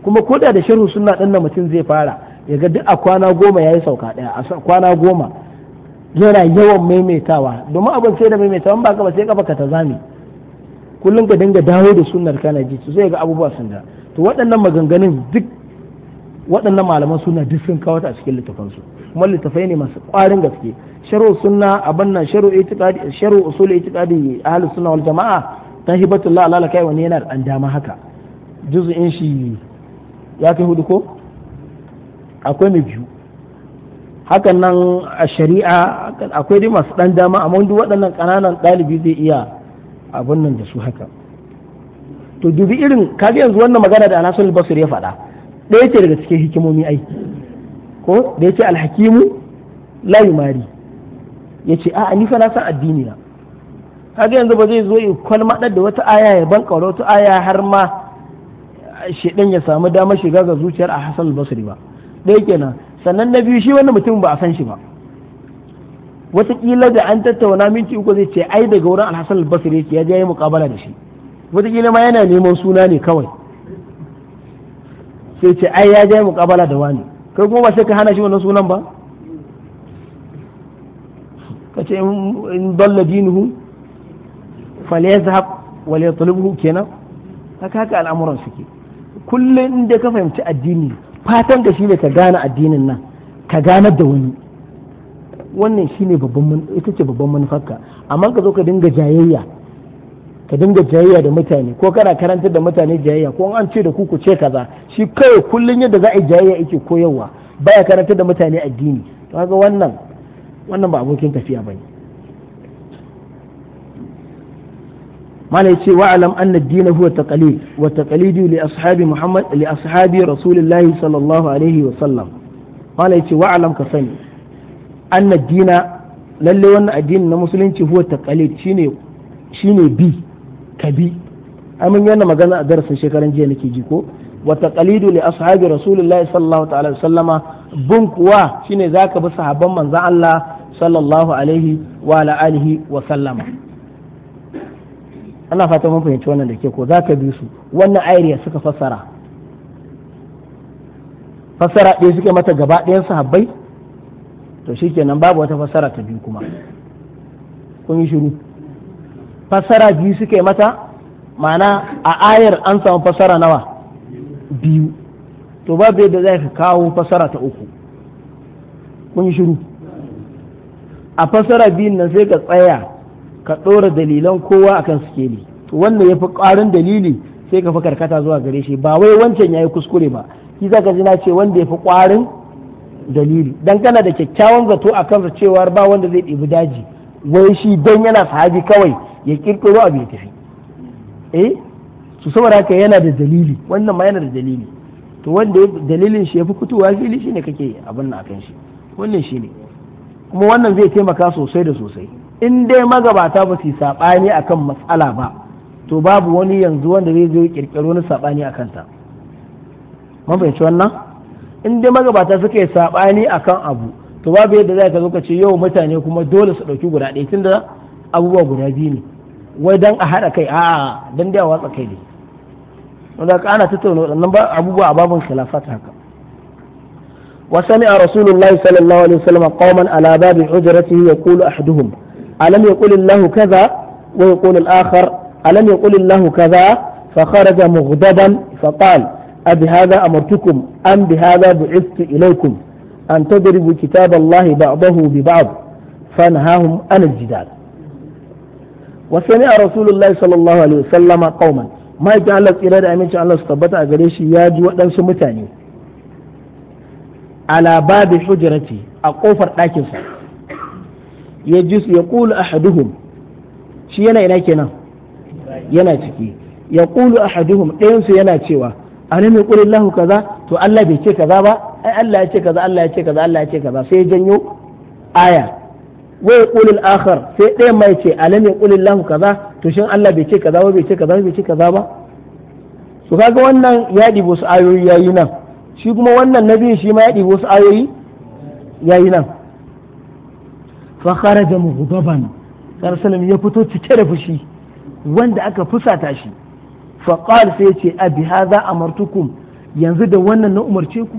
kuma ko da da sharhu sunna ɗin nan mutum zai fara ya ga duk a kwana goma ya yi sauka ɗaya a kwana goma yana yawan maimaitawa domin abin sai da maimaitawa ba ka ba sai ka ta zami kullum ka dinga dawo da sunnar kana ji sai ga abubuwa sun da to waɗannan maganganun duk waɗannan malaman suna duk sun kawo ta a cikin littafansu kuma littafai ne masu ƙwarin gaske sharo sunna abin nan sharo itiqadi sharo usul itiqadi ahlus sunna wal jamaa tahibatullah ala kai wani yana da dama haka juz'in shi ya kai hudu ko akwai mai biyu hakan nan a shari'a akwai dai masu dan dama amma duk waɗannan ƙananan ɗalibi zai iya abin nan da su haka to dubi irin kaga yanzu wannan magana da Alhassan basir ya faɗa ɗaya ce daga cikin hikimomi ai ko da yake alhakimu la yumari yace a ni fa na san addini na kaga yanzu ba zai zo ya kalma da wata aya ya ban kaura wata aya har ma shedan ya samu damar shiga ga zuciyar a Hassan Basri ba ɗaya kenan sannan na biyu shi wannan mutum ba a san shi ba wataƙila da an tattauna minti uku zai ce ai daga wurin alhassan albasir yake ya je yi mukabala da shi wataƙila ma yana neman suna ne kawai sai ce ai ya je muƙabala da wani kai kuma ba sai ka hana shi wannan sunan ba ka ce in dalla dinuhu falyazhab wa yatlubhu kenan haka haka al'amuran suke kullum inda ka fahimci addini fatan ka shine ka gane addinin nan ka gane da wani wannan shine babban ita ce babban manufarka amma ka zo ka dinga jayayya ka dinga jayayya da mutane ko kana karantar da mutane jayayya ko an ce da ku ku ce kaza shi kawai kullun yadda za a yi jayayya yake koyarwa baya karantar da mutane addini to kaga wannan wannan ba abokin tafiya bane mana yace wa alam anna ad-din huwa taqlid wa taqlidu li ashabi muhammad li ashabi rasulillahi sallallahu alaihi wa sallam mana yace wa alam ka sani anna ad-din lalle wannan addini na musulunci huwa taqlid shine shine bi ka bi amin yana magana a darasin shekaran jiya nake ji ko wata qalidu li ashabi rasulillahi sallallahu ta'ala alaihi wasallama bun kuwa shine zaka bi sahabban manzon Allah sallallahu alaihi wa ala alihi wa sallama ana fata mun fahimci wannan da ke ko zaka bi su wannan ayriya suka fassara fassara ɗaya suke mata gaba ɗayan sahabbai to shikenan babu wata fassara ta biyu kuma kun yi shiru fassara biyu suke mata ma'ana a ayar an samu fassara nawa biyu to babu yadda zai ka kawo fassara ta uku kun shiru a fassara biyun nan sai ka tsaya ka ɗora dalilan kowa akan ne to wannan ya fi ƙarin dalili sai ka fi karkata zuwa gare shi ba wai wancan ya yi kuskure ba shi za ka ji na ce wanda ya fi ƙwarin dalili dan kana da kyakkyawan zato a kansa cewa ba wanda zai ɗibi daji wai shi don yana sahabi kawai ya kirkiro abu ya tafi eh su saboda haka yana da dalili wannan ma yana da dalili to wanda dalilin shi ya fi fitowa fili shine kake abin na kan shi wannan shine kuma wannan zai taimaka sosai da sosai in dai magabata ba su yi saɓani akan matsala ba to babu wani yanzu wanda zai zo kirkiro na saɓani a kanta mun fahimci wannan in dai magabata suka yi saɓani akan abu to babu yadda za ka zo ka ce yau mutane kuma dole su ɗauki guda ɗaya tun da abubuwa guda biyu ne wai dan a haɗa kai a'a dan da watsa kai ne wanda ka ana tattauna waɗannan ba abubuwa a babin khilafat haka wa sami'a rasulullahi sallallahu alaihi wasallam qauman ala babi hujratihi yaqulu ahaduhum alam yaqul Allah kaza wa yaqulu al-akhar alam yaqul Allah kaza fa kharaja mughdaban fa qala أبهذا أمرتكم أم بهذا بعثت إليكم أن تضربوا كتاب الله بعضه ببعض فنهاهم عن الجدال وسمع رسول الله صلى الله عليه وسلم قوما ما يجعل الله tsira da amincin Allah su tabbata a gare shi ya ji waɗansu mutane ala babi hujrati a kofar ɗakinsa ya ji su ya kulu ahaduhum shi yana cewa alim kaza to Allah bai ce kaza ba ai Allah ya ce kaza Allah ya ce kaza Allah ya ce kaza sai ya janyo aya wa yaqulu akhar sai ɗaya mai ce alam yaqulu Allahu kaza to shin Allah bai ce kaza ba bai ce kaza bai ce kaza ba su kaga wannan ya ɗibo su ayoyi yayi nan shi kuma wannan nabi shi ma ya ɗibo su ayoyi yayi nan fa kharaja mughdaban sallallahu ya fito cike da fushi wanda aka fusata shi fa qala sai ya ce abi hadha amartukum yanzu da wannan na umarce ku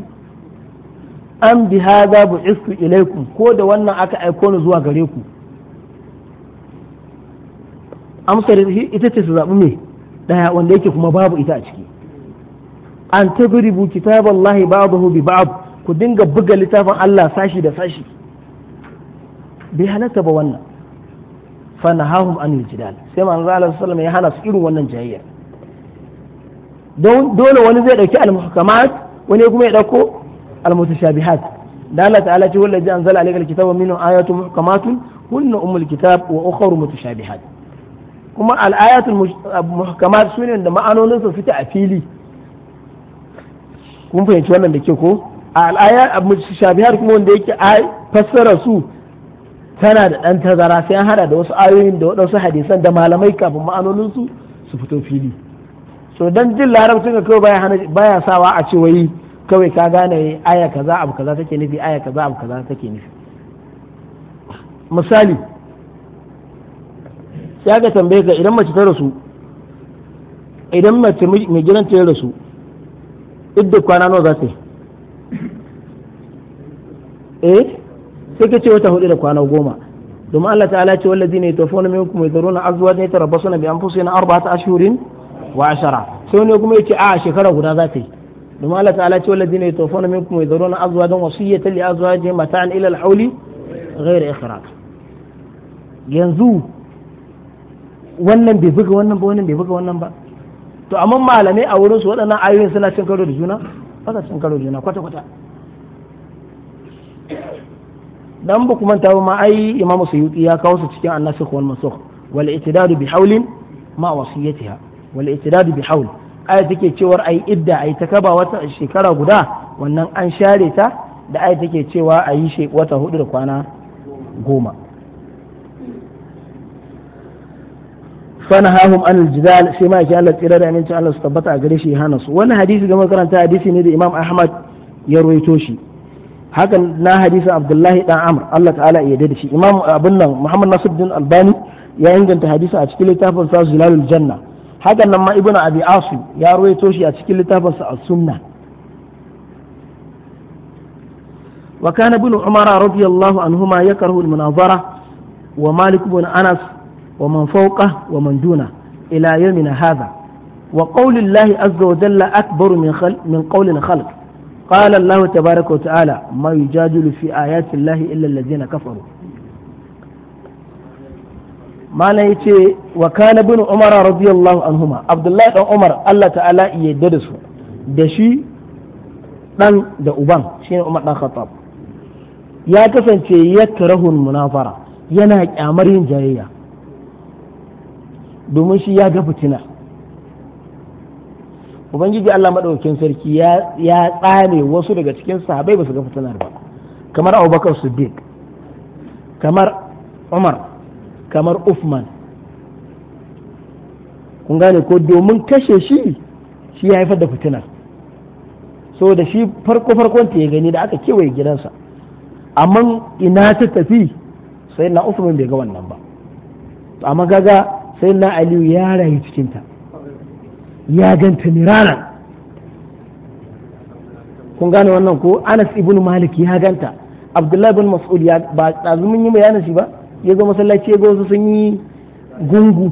an bi bu isku ilaikum ko da wannan aka aiko ni zuwa gare ku amsar ita ce su zaɓi me ɗaya wanda yake kuma babu ita a ciki an ta tadribu babu ba'dahu bi ba'd ku dinga buga littafin Allah sashi da sashi bi halatta ba wannan fa nahahum anil jidal sai manzo Allah sallallahu ya hana su irin wannan jayyar dole wani zai ɗauki al-muhkamat wani kuma ya dauko المتشابهات الله تعالى هو الذي أنزل عليك الكتاب ومنه آيات محكمات هن أم الكتاب وأخر متشابهات كما الآيات المحكمات سنة عندما أنا نصر في تأفيلي kun fahimci wannan da ke ko al'aya mutashabihar kuma wanda yake ai fassara su tana da ɗan tazara sai an hada da wasu ayoyin da waɗansu hadisan da malamai kafin ma'anonin su fito fili so dan jin larabcin ga kawai baya sawa a ce wai kawai ka gane aya kaza abu kaza take nufi aya kaza abu kaza take nufi misali ya ga tambaye ka idan mace ta rasu idan mace mai gidan ta rasu idda kwana nawa za ta yi eh sai ka ce wata hudu da kwana goma domin Allah ta'ala ce wallazi ne tafona min kuma zaruna azwaj ne tarabbasuna bi anfusina arba'ata ashhurin wa ashara sai ne kuma yace a shekara guda za ta yi domin Allah ta'ala ce wallazi ne tofana minkum iya azwajan azuwa li mata an ila al-hawli ghayra ikhraj yanzu wannan bai buga wannan ba wannan bai buga wannan ba to amma malamai a wurin su waɗannan ayoyin suna cin karo da juna ba sa cin karo da juna kwata kwata dan ba kuma ta ma ai imamu suyuti ya kawo su cikin annasikh wal mansukh wal i'tidadu bi hawlin ma wasiyatiha wal i'tidadu bi hawlin aya take cewar ai idda ai ta kaba wata shekara guda wannan an share ta da aya take cewa a yi wata hudu da kwana goma
fanahahum an aljidal
sai ma yake Allah tsira da amincin Allah su tabbata a gare shi hana su wannan hadisi ga makaranta hadisi ne da Imam Ahmad ya ruwaito shi hakan na hadisin Abdullahi dan Amr Allah ta'ala ya yarda da shi Imam abun nan Muhammad Nasiruddin Albani ya inganta hadisi a cikin littafin sa Zilalul Janna hakan nan ma ibnu abi asu ya ruwaito shi a cikin littafinsa a sunna wa kana ibnu umara radiyallahu anhuma yakrahu al-munazara wa malik ibn anas wa man fawqa wa man duna ila yawmina hadha wa qawli allahi azza wa jalla akbar min khalq min qawli khalq qala allah tabaaraka wa ta'ala ma yujadilu fi ayati allahi illa alladhina kafaru mana ya ce wa kana bin umar radiyallahu anhuma abdullahi dan umar allah ta'ala ya yarda da su da shi dan da uban shine umar dan khattab ya kasance tarahun munafara yana kyamar yin jayayya domin shi ya ga fitina ubangiji allah maɗaukakin sarki ya tsane wasu daga cikin sahabai ba su ga fitinar ba kamar abubakar siddiq kamar umar kamar Uthman kun gane ko domin kashe shi shi ya haifar da fitina da shi farko farkon ta ya gani da aka kewaye gidansa amma ina ta tafi sai na Uthman bai ga wannan ba to amma gaga sai na Aliyu ya rayu cikinta ta ya ganta mirana kun gane wannan ko Anas ibn Malik ya ganta Abdullahi bin Mas'ud ya ba mun yi bayanin shi ba ya zo masallaci ya wasu sun yi gungu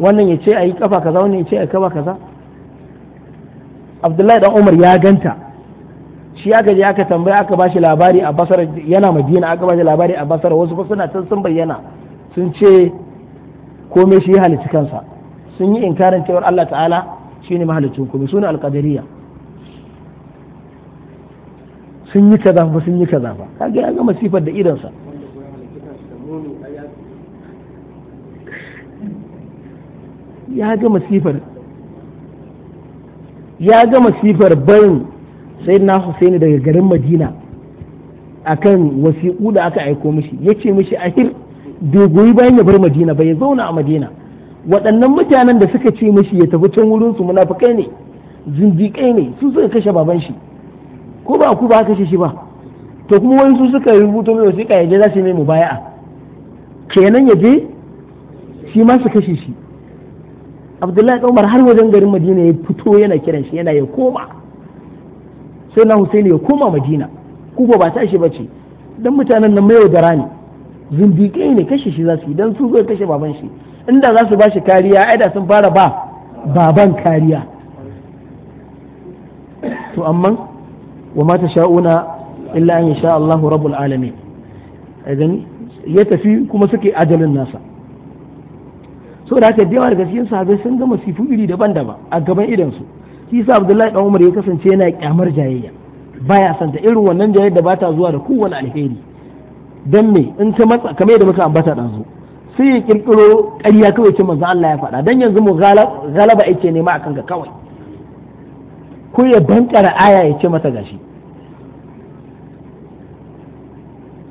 wannan ya ce a yi kafa kaza wannan ya ce a yi kafa kaza abdullahi dan umar ya ganta shi aka je aka tambaya aka bashi labari a basar yana madina aka bashi labari a basar wasu ba suna can sun bayyana sun ce komai shi halicci kansa sun yi inkarin cewar Allah ta'ala shi ne mahalicin komai suna alkadariya sun yi kaza ba sun yi kaza ba kaga ya gama sifar da idansa ya ga masifar ya ga masifar barin sai na Husaini daga garin Madina akan wasiƙu da aka aiko mishi ya ce mishi ahir dogoyi bayan ya bar Madina ba ya zauna a Madina waɗannan mutanen da suka ce mishi ya tafi can wurin su munafukai ne zindiƙai ne su suka kashe baban shi ko ba ku ba kashe shi ba to kuma wani su suka rubuto mai wasiƙa ya je za su yi mai mubaya'a kenan ya je shi ma su kashe shi abdullahi umar har wajen garin madina ya fito yana kiran shi yana ya koma sai na husaini ya koma madina kuma ba tashi ba ce dan mutanen nan mai da rani zumbiƙe ne kashe shi za su yi dan su zai kashe baban shi inda za su ba shi kariya ai da sun fara ba baban kariya to amma wa ma sha'una illa an yasha Allahu rabbul alamin ya tafi kuma suke ajalin nasa saboda haka da yawa daga cikin sahabbai sun ga masifu iri daban-daban a gaban idan su shi sa Abdullahi dan Umar ya kasance yana kyamar jayayya baya san ta irin wannan jayayya da bata zuwa da kowane alheri dan me in ta matsa kamar yadda muka ambata dan su sai ya kirkiro ƙarya kawai ce manzo Allah ya faɗa dan yanzu mu galaba yake nema akan ka kawai ko ya bankara aya ya ce mata gashi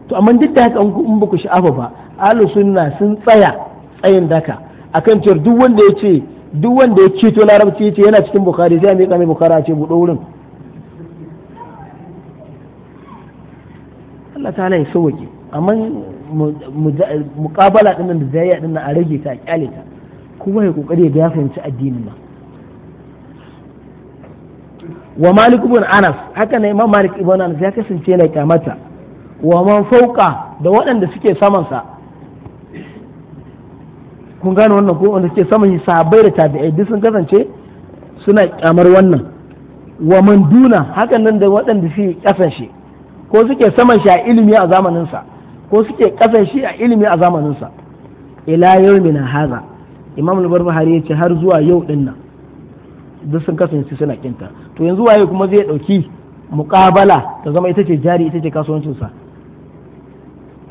to amma duk da haka in ba ku sha'afa ba ahlus sunna sun tsaya tsayin daka akan cewa duk wanda ya ce duk wanda ya ceto larabci ya ce yana cikin bukari sai a miƙa mai bukhari a ce buɗe wurin Allah ta'ala ya sauke amma muƙabala ɗin da zai yi a rage ta a ƙyale ta kuma ya ƙoƙari ya fahimci addinin ma. wa malik ibn anas haka ne imam malik ibn anas ya kasance yana kyamata wa man fauka da waɗanda suke samansa kun gane wannan ko wanda suke saman sabai da tabi'ai duk sun kasance suna kyamar wannan wa Manduna duna hakan nan da waɗanda suke kasan shi ko suke saman shi a ilimi a zamanin sa ko suke kasan shi a ilimi a zamanin sa ila na haza imam al-barbahari yace har zuwa yau din nan duk sun kasance suna kinta to yanzu waye kuma zai dauki muqabala ta zama ita ce jari ita ce kasuwancin sa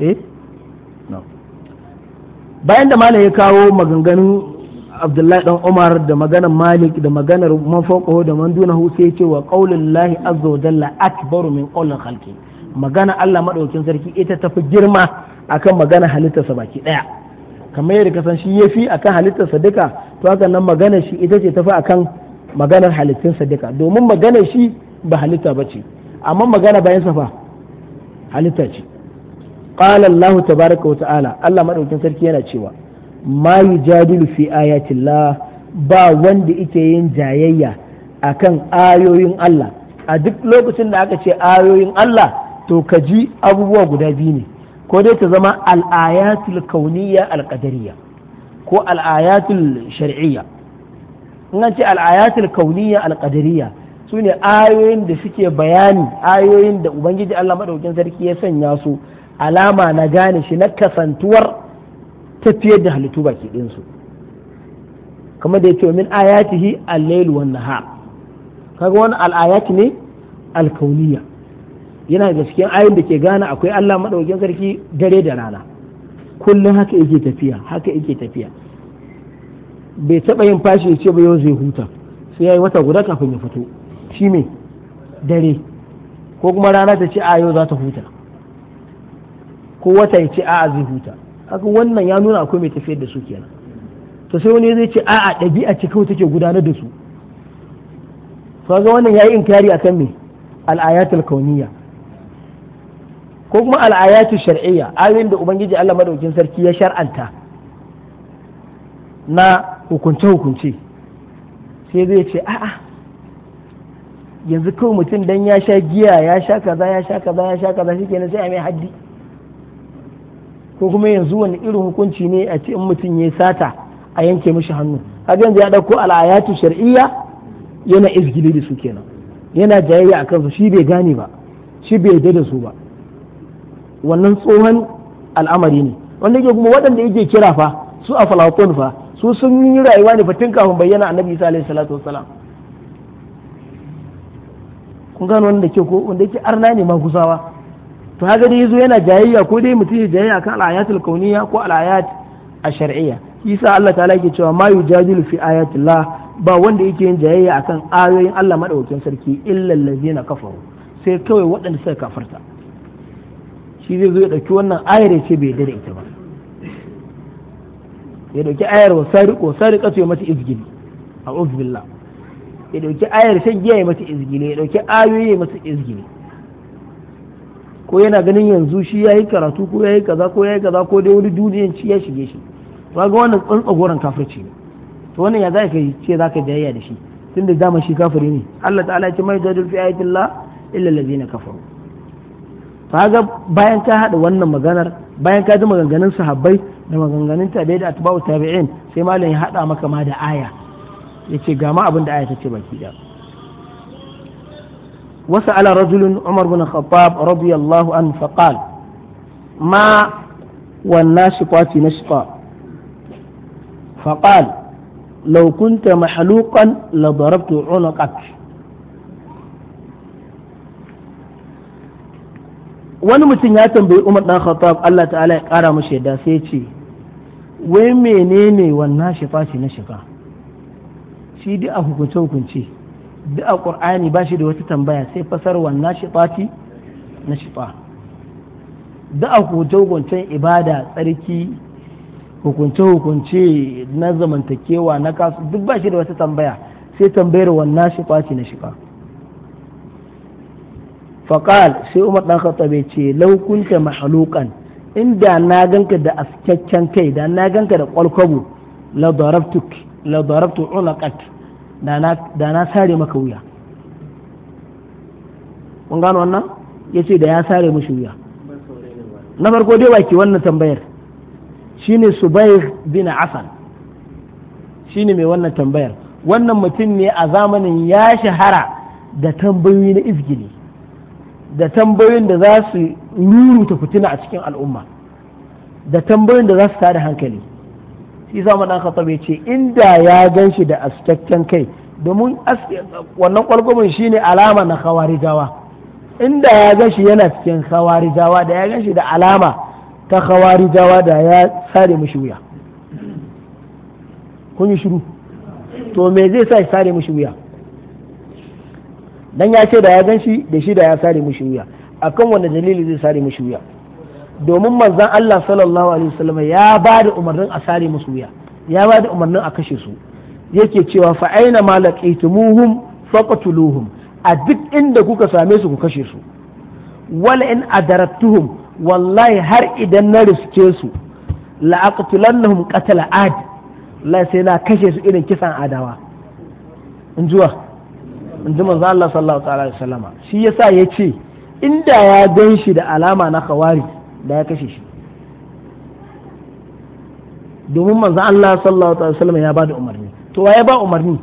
eh bayan da malam ya kawo maganganun abdullahi dan umar da maganar malik da maganar manfaqo da Manduna hu sai cewa wa lahi azza wa jalla akbaru min qaulil khalqi magana Allah madaukin sarki ita tafi girma akan magana halittarsa baki daya kamar yadda kasan shi yafi akan halittarsa duka to haka nan magana shi ita ce tafi akan maganar sa duka domin magana shi ba halitta bace amma magana bayan safa halitta ce qala Allah ta wa wata'ala. Allah maɗaukin sarki yana cewa ma fi'a fi ayatillah ba wanda ike yin jayayya akan ayoyin Allah a duk lokacin da aka ce ayoyin Allah to ka ji abubuwa guda biyu ne ko dai ta zama al'ayatul kauniyya al ko al'ayatul shar'iyya in an ce al'ayatul kauniyya al su ne ayoyin da suke bayani ayoyin da ubangiji Allah madaukakin sarki ya sanya su alama na gane shi na kasantuwar tafiyar da halittu baki ɗinsu kamar da ce min ayatihi al lailu wan nahar kaga wani al-ayat ne al-kauniyya yana da cikin ayin da ke gane akwai Allah madaukakin sarki dare da rana kullum haka yake tafiya haka yake tafiya bai taɓa yin fashi ya ce ba yau zai huta sai yayi wata guda kafin ya fito shi me dare ko kuma rana ta ce a yau za ta huta ko wata ya ce a'a zai huta haka wannan ya nuna akwai mai tafiyar da su kenan to sai wani zai ce a'a ɗabi'a ce kawai take gudanar da su To ga wannan yayi inkari akan me al-ayatul kauniyya ko kuma al-ayatul shar'iyya ayoyin da ubangiji Allah madaukin sarki ya shar'anta na hukunce hukunce sai zai ce a'a yanzu kawai mutum dan ya sha giya ya sha kaza ya sha kaza ya sha kaza shikenan sai a mai haddi ko kuma yanzu wani irin hukunci ne a ce in mutum ya sata a yanke mishi hannu kaga yanzu ya dauko al'ayatu shar'iyya yana izgili da su kenan yana jayayya akan su shi bai gane ba shi bai yarda da su ba wannan tsohon al'amari ne wanda yake kuma waɗanda yake kira fa su a falakon fa su sun yi rayuwa ne fatin kafin bayyana annabi isa alaihi salatu wassalam kun gano wanda ke ko wanda yake arna ne ma kusawa to haka dai yazo yana jayayya ko dai mutum ya jayayya kan ayatul kauniya ko alayat ayat ash-shar'iyya yasa Allah ta'ala yake cewa ma yujadilu fi ayatillah ba wanda yake yin jayayya akan ayoyin Allah madaukakin sarki illal ladina kafaru sai kawai waɗanda suka kafarta shi zai zo ya dauki wannan ayar ya ce bai yarda ita ba ya dauki ayar wa sariqo sariqa ce mata izgili a'udhu billah ya dauki ayar shan giya ya mata izgili ya dauki ayoyi mata izgili ko yana ganin yanzu shi ya yi karatu ko ya yi kaza ko ya yi kaza ko dai wani duniyan ci ya shige shi to ga wannan tsantsagoran kafirci ne to wannan ya za yi ce za ka da shi tunda da dama shi kafiri ne Allah ta'ala ya ce mai jadul fi ayatin la illa allazina kafaru to ga bayan ka hada wannan maganar bayan ka ji maganganun sahabbai da maganganun tabi'i da atba'u tabi'in sai malam ya hada maka ma da aya yace ga ma abin da aya ta ce baki da وسأل رجل عمر بن الخطاب رضي الله عنه فقال ما والناشطات نشطا فقال لو كنت محلوقا لضربت عنقك wani mutum ya tambayi umar dan khattab Allah ta'ala ya kara mashi yadda sai ce wai menene wannan shifa na shiga shi dai a hukunce hukunce duk a ƙur'ani ba shi da wata tambaya sai fasarwa na shiɓati na shiɓa duk a hukunce-hukuncen ibada tsarki hukunce-hukunce na zamantakewa na kasu duk ba shi da wata tambaya sai tambayar wannan shiɓati na fa? faƙal sai umar ɗan khattabe ce kunta mahalukan inda na ganka da askakken kai da na ganka da kwalkwabo la darabtu unaqat da na sare maka wuya kun gano wannan ya ce da ya sare mashi wuya na farko dai baki wannan tambayar shine subair bin asan shine mai wannan tambayar wannan mutum ne a zamanin ya shahara da tambayoyi na izgili da tambayoyin da za su ta fitina a cikin al'umma da tambayoyin da za su tada hankali shi zama dan khattab ya ce inda ya gan shi da askakken kai domin wannan kwalgwamin shine alama na khawarijawa inda ya gan shi yana cikin khawarijawa da ya gan shi da alama ta khawarijawa da ya sare mishi wuya kun yi shiru to me zai sa shi sare mishi wuya dan ya ce da ya gan shi da shi da ya sare mishi wuya akan wanda dalili zai sare mishi wuya domin manzan Allah sallallahu alaihi wasallam ya ba da umarnin a sare musu wuya ya ba da umarnin a kashe su yake cewa fa aina ma laqitumuhum faqtuluhum a duk inda kuka same su ku kashe su wal in adaratuhum wallahi har idan na riske su aqtulannahum qatala ad la sai na kashe su irin kisan adawa in zuwa in ji manzan Allah sallallahu alaihi wasallam shi yasa yace inda ya gan shi da alama na khawari da ya kashe shi domin manzo Allah sallallahu alaihi wasallam ya ba da umarni to wa ya ba umarni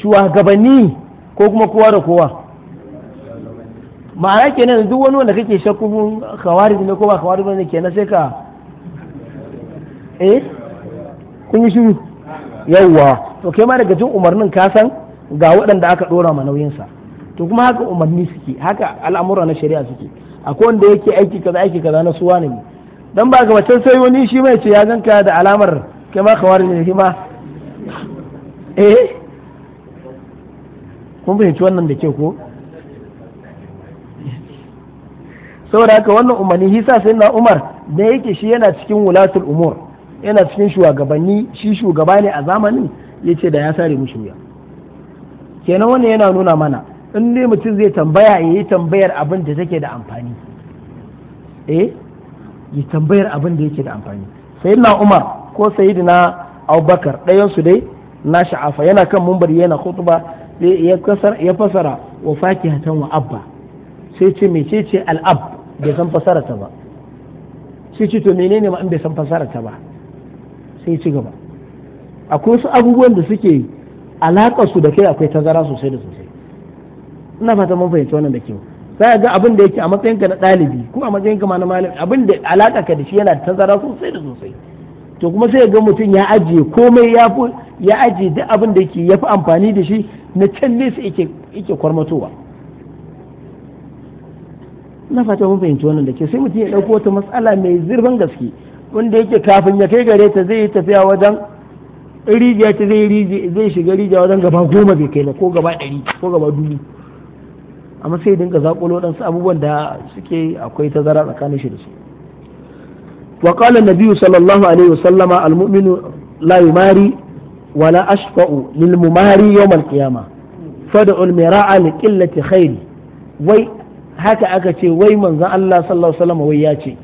shugabanni ko kuma kowa da kowa ma'ana kenan duk wani wanda kake shakku khawarij ne ko ba khawarij ne kenan sai ka eh kun yi shiru yawwa to kai ma daga jin umarnin ka san ga waɗanda aka ɗora ma nauyinsa to kuma haka umarni suke haka al'amura na shari'a suke akwai wanda yake aiki kaza aiki kaza na suwa ne dan ba ga wacce sai wani shi mai ce ya ganka da alamar kai ma kawar ne hima eh kun fahimci wannan da ke ko saboda haka wannan umarni hisa sai na umar da yake shi yana cikin wulatul umur yana cikin shugabanni shi shugaba ne a zamanin yace da ya sare mushi wuya kenan wannan yana nuna mana in ne mutum zai tambaya ya yi tambayar abin da take da amfani eh yi tambayar abin da yake da amfani sayyidina umar ko sayyidina abubakar ɗayan su dai na sha'afa yana kan mumbari yana khutba ya fasara wa fakihatan wa abba sai ce ce al'ab bai san fasara ta ba sai ce to menene ma in bai san fasara ta ba sai ci gaba akwai wasu abubuwan da suke alaƙar su da kai akwai tazara sosai da sosai ina fata mun fahimci wannan da kyau sai ga abin da yake a matsayinka na ɗalibi ko a matsayinka ma na malami abin da alaka ka da shi yana da tazara sosai da sosai to kuma sai ga mutum ya ajiye komai ya fi ya ajiye duk abin da yake ya fi amfani da shi na can nesa yake yake kwarmatowa na fata mun fahimci wannan da ke sai mutum ya ɗauko wata matsala mai zirfin gaske wanda yake kafin ya kai gare ta zai yi tafiya wajen rijiya ta zai shiga rijiya wajen gaba goma bai kai ba ko gaba ɗari ko gaba dubu amma sai dinga zaƙulo waɗansu abubuwan da suke akwai tazara tsakanin shi da su wa qala nabiyyu sallallahu alaihi wasallama almu'minu la yumari wala ashfa'u lil mumari yawm al fad'u al li qillati khairi wai haka aka ce wai manzon Allah sallallahu alaihi wasallama wai ya ce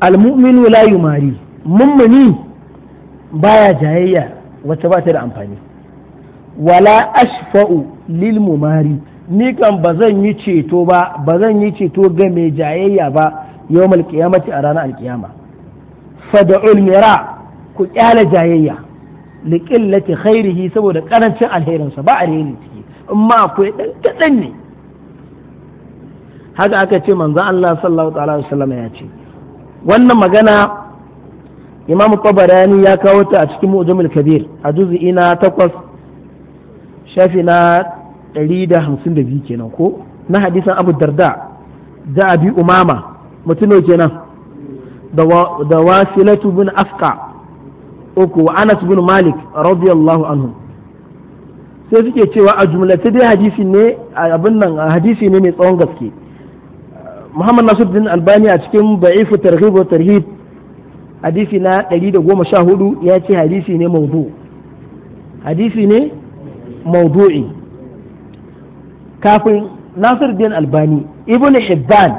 almu'minu la yumari mummuni baya jayayya wacce ba ta da amfani wala ashfa'u lil mumari ni kan ba zan yi ceto ba ba zan yi ceto ga mai jayayya ba yawmal qiyamati a ranar alkiyama fad'ul mira ku kyale jayayya li qillati khairihi saboda karancin alherinsa ba alheri ciki amma akwai dan kadan ne haka aka ce manzon Allah sallallahu alaihi wasallam ya ce wannan magana imamu tabarani ya kawo ta a cikin mu'jamul kabir a juz'i na takwas shafi na biyu kenan ko na hadisan abu darda da abi umama mutuno kenan da wasilatu bin afka uku wa anas bin malik radiyallahu anhu sai suke cewa a jumlace dai hadisi ne abin nan hadisi ne mai tsawon gaske muhammad din albani a cikin ba'ifu targhib wa tarhib hadisi na hudu ya ce hadisi ne mawdu hadisi ne maudu'i kafin nasiruddin albani ibn hibban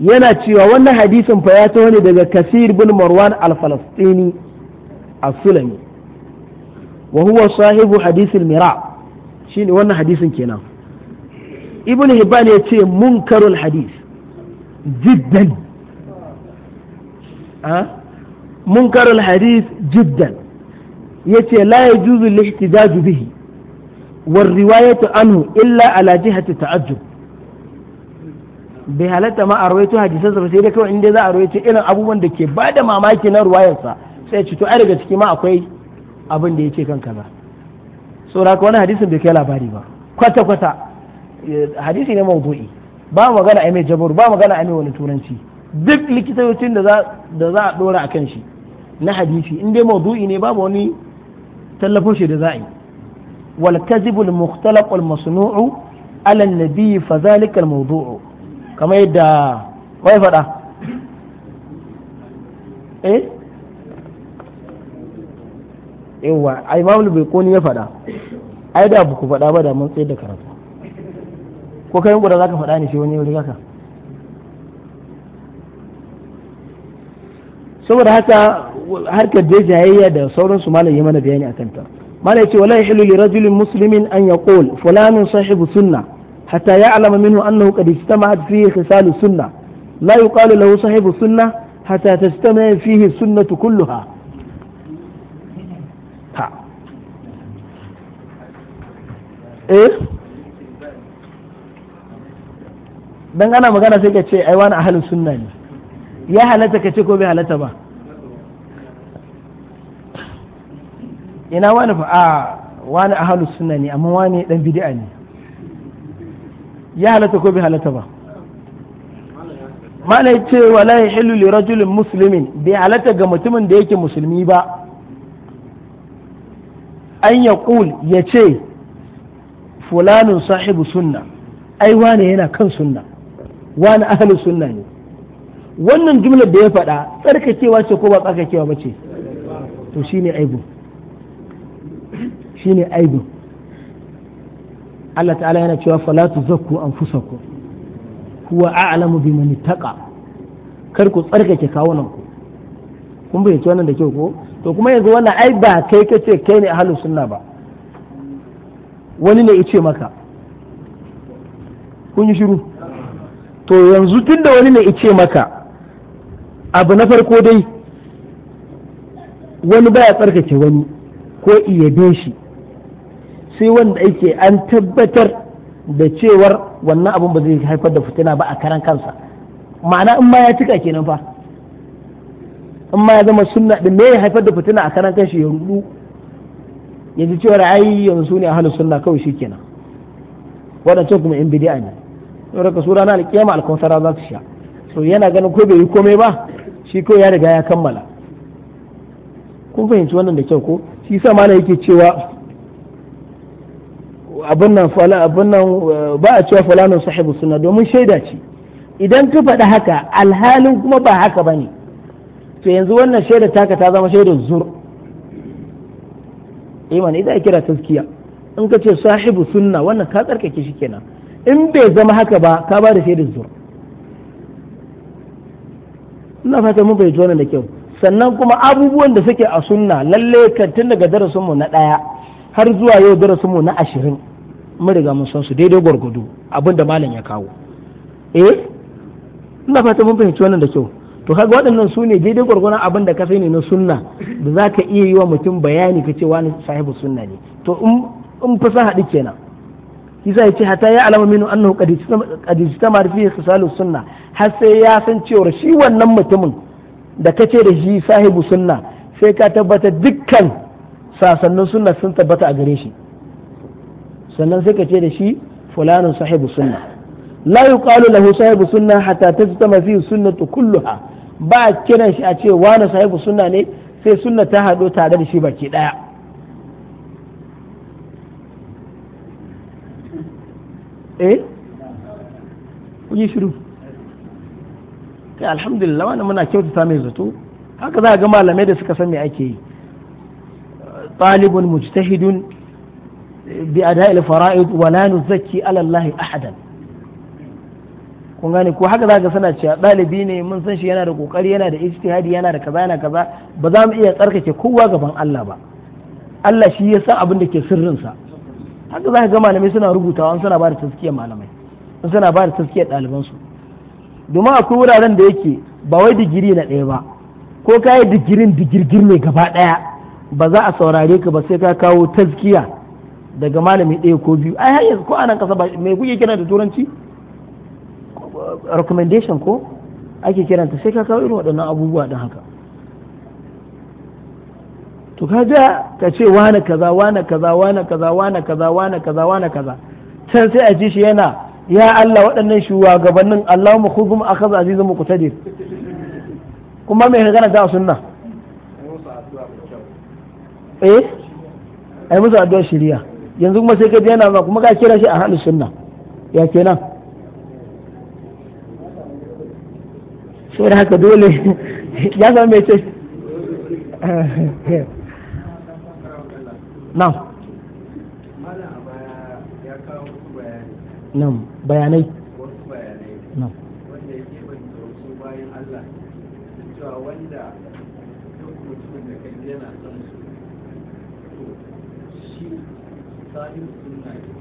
yana cewa wannan hadisin fa ya ne daga kasir bin marwan al-falastini as-sulami wa huwa sahibu hadisul mira shine wannan hadisin kenan ibn hibban ya ce munkarul hadis jiddan yace la ya yajuzu lihtijaju bihi war riwayatu anhu illa ala jihati ta'ajjub bai halatta ma a rawaito hadisan sa sai dai kawai inda za a rawaito irin abubuwan da ke bada mamaki na sa sai ci to ai daga ciki ma akwai abin da ce kan kaza saboda wani hadisin bai kai labari ba kwata kwata hadisi ne mawdu'i ba magana a mai jabar ba magana a mai wani turanci duk likitocin da za a dora a kan shi na hadisi in dai mawdui ne babu wani tallafo shi da za'i wal kadhibul mukhtalaq al masnu'u ala an-nabi fa zalika al mawdu'u kamar yadda wai fada eh yawa ai mamul bai koni ya fada ai da ku fada ba da mun tsaye da karatu ko kai guda zaka fada ne shi wani wuri kaka saboda haka harkar da jayayya da sauransu malam ya mana bayani a kanta malam yace ce wala yahillu li rajulin muslimin an yaqul fulanun sahibu sunna hatta ya'lama minhu annahu qad istama'a fi khisal sunna la yuqalu lahu sahibu sunna hatta tastama'a fihi sunnatu kulluha
ha eh
dan ana magana sai ka ce ai wani ahlus sunna ne ya halatta ka ce ko bai halatta ba ina wani fa a wani ahalus suna ne amma wani dan bid'a ne ya halatta ko bai halatta ba mana ce wala yahillu li rajulin muslimin bai halatta ga mutumin da yake musulmi ba an ya ƙul ya ce fulanin sahibu sunna ai wani yana kan sunna wani ahalin sunna ne wannan jumlar da ya faɗa tsarkakewa ce ko ba tsarkakewa ba ce to shine aibu shine aibin Allah ta'ala yana cewa fala tuzakku anfusakum huwa a'lamu biman taqa kar ku tsarkake kawunan ku kun ce wannan da kyau ko to kuma yanzu wannan ai ba kai kace kai ne ahlus sunna ba wani ne yace maka kun yi shiru to yanzu tunda wani ne yace maka abu na farko dai wani baya tsarkake wani ko iyabe shi sai wanda yake an tabbatar da cewar wannan abun ba zai haifar da fitina ba a karan kansa ma'ana in ma ya cika kenan fa in ma ya zama sunna din me ya haifar da fitina a karan kanshi ya rudu ya ji cewar ai yanzu ne ahlus sunna kawai shikenan wadancan kuma in bid'a ne saboda ka sura na alkiyama alkausara za su sha so yana ganin ko bai yi komai ba shi kawai ya riga ya kammala kun fahimci wannan da kyau ko shi sa mana yake cewa abin nan abin nan eh, ba a cewa fulanin sahibu sunna domin shaida ce idan ka faɗi haka alhalin kuma ba haka ba ne to yanzu wannan shaida taka ta zama shaidar zur iman eh idan kira taskiya in ka ce sahibu sunna wannan ka tsarkake shi kenan in bai zama haka ba ka ba da shaidar zur ina fata mun bai wannan da kyau sannan kuma abubuwan da suke a sunna lalle kan daga darasinmu na ɗaya har zuwa yau darasinmu na ashirin mun riga mun san su daidai gwargwado abin malam ya kawo eh ina fata mun fahimci wannan da kyau to kaga waɗannan su ne daidai gwargwadon abin da ka sani na sunna da za ka iya yi wa mutum bayani ka ce wani sahibu sunna ne to in fa san haɗi kenan kisa ya ce hata ya alama minu annahu qad istama fi khisalus sunna har sai ya san cewa shi wannan mutumin da ka ce da shi sahibu sunna sai ka tabbata dukkan sasannin sunna sun tabbata a gare shi sannan sai ka ce da shi fulanun sahibu sunna la yuqalu lahu sahibu sunna hatta tajtama fi sunnatu kulluha ba kiran shi a ce wani sahibu sunna ne sai sunna ta haɗu tare da shi baki ɗaya eh kuyi shiru kai alhamdulillah wani muna kyautata mai zato haka za a ga malamai da suka san me ake yi talibun mujtahidun بأداء الفرائض ولا نزكي على الله أحدا kun gane ko haka zaka sana cewa ɗalibi ne mun san shi yana da kokari yana da ijtihadi yana da kaza yana kaza ba za mu iya tsarkake kowa gaban Allah ba Allah shi ya san abin da ke sirrinsa haka zaka ga malamai suna rubutawa an suna ba da taskiyar malamai in suna ba da taskiyar su domin akwai wuraren da yake ba wai digiri na ɗaya ba ko kai digirin digirgir ne gaba ɗaya ba za a saurare ka ba sai ka kawo taskiya daga malami ɗaya ko biyu ai har ko a nan ƙasa ba me kuke kira da turanci recommendation ko ake kiranta sai ka kawo irin waɗannan abubuwa don haka to ka ja ka ce wane kaza wane kaza wane kaza wane kaza wane kaza wane kaza can sai a ji shi yana ya Allah waɗannan shugabannin Allahumma khudhum akhadha azizun muqtadir kuma me ka gana ta sunna eh ai musu addu'a shari'a yanzu kuma sai ka yana yana kuma ka kira shi a hannun sunna ya kenan da haka dole ya zama mai ce nan bayanai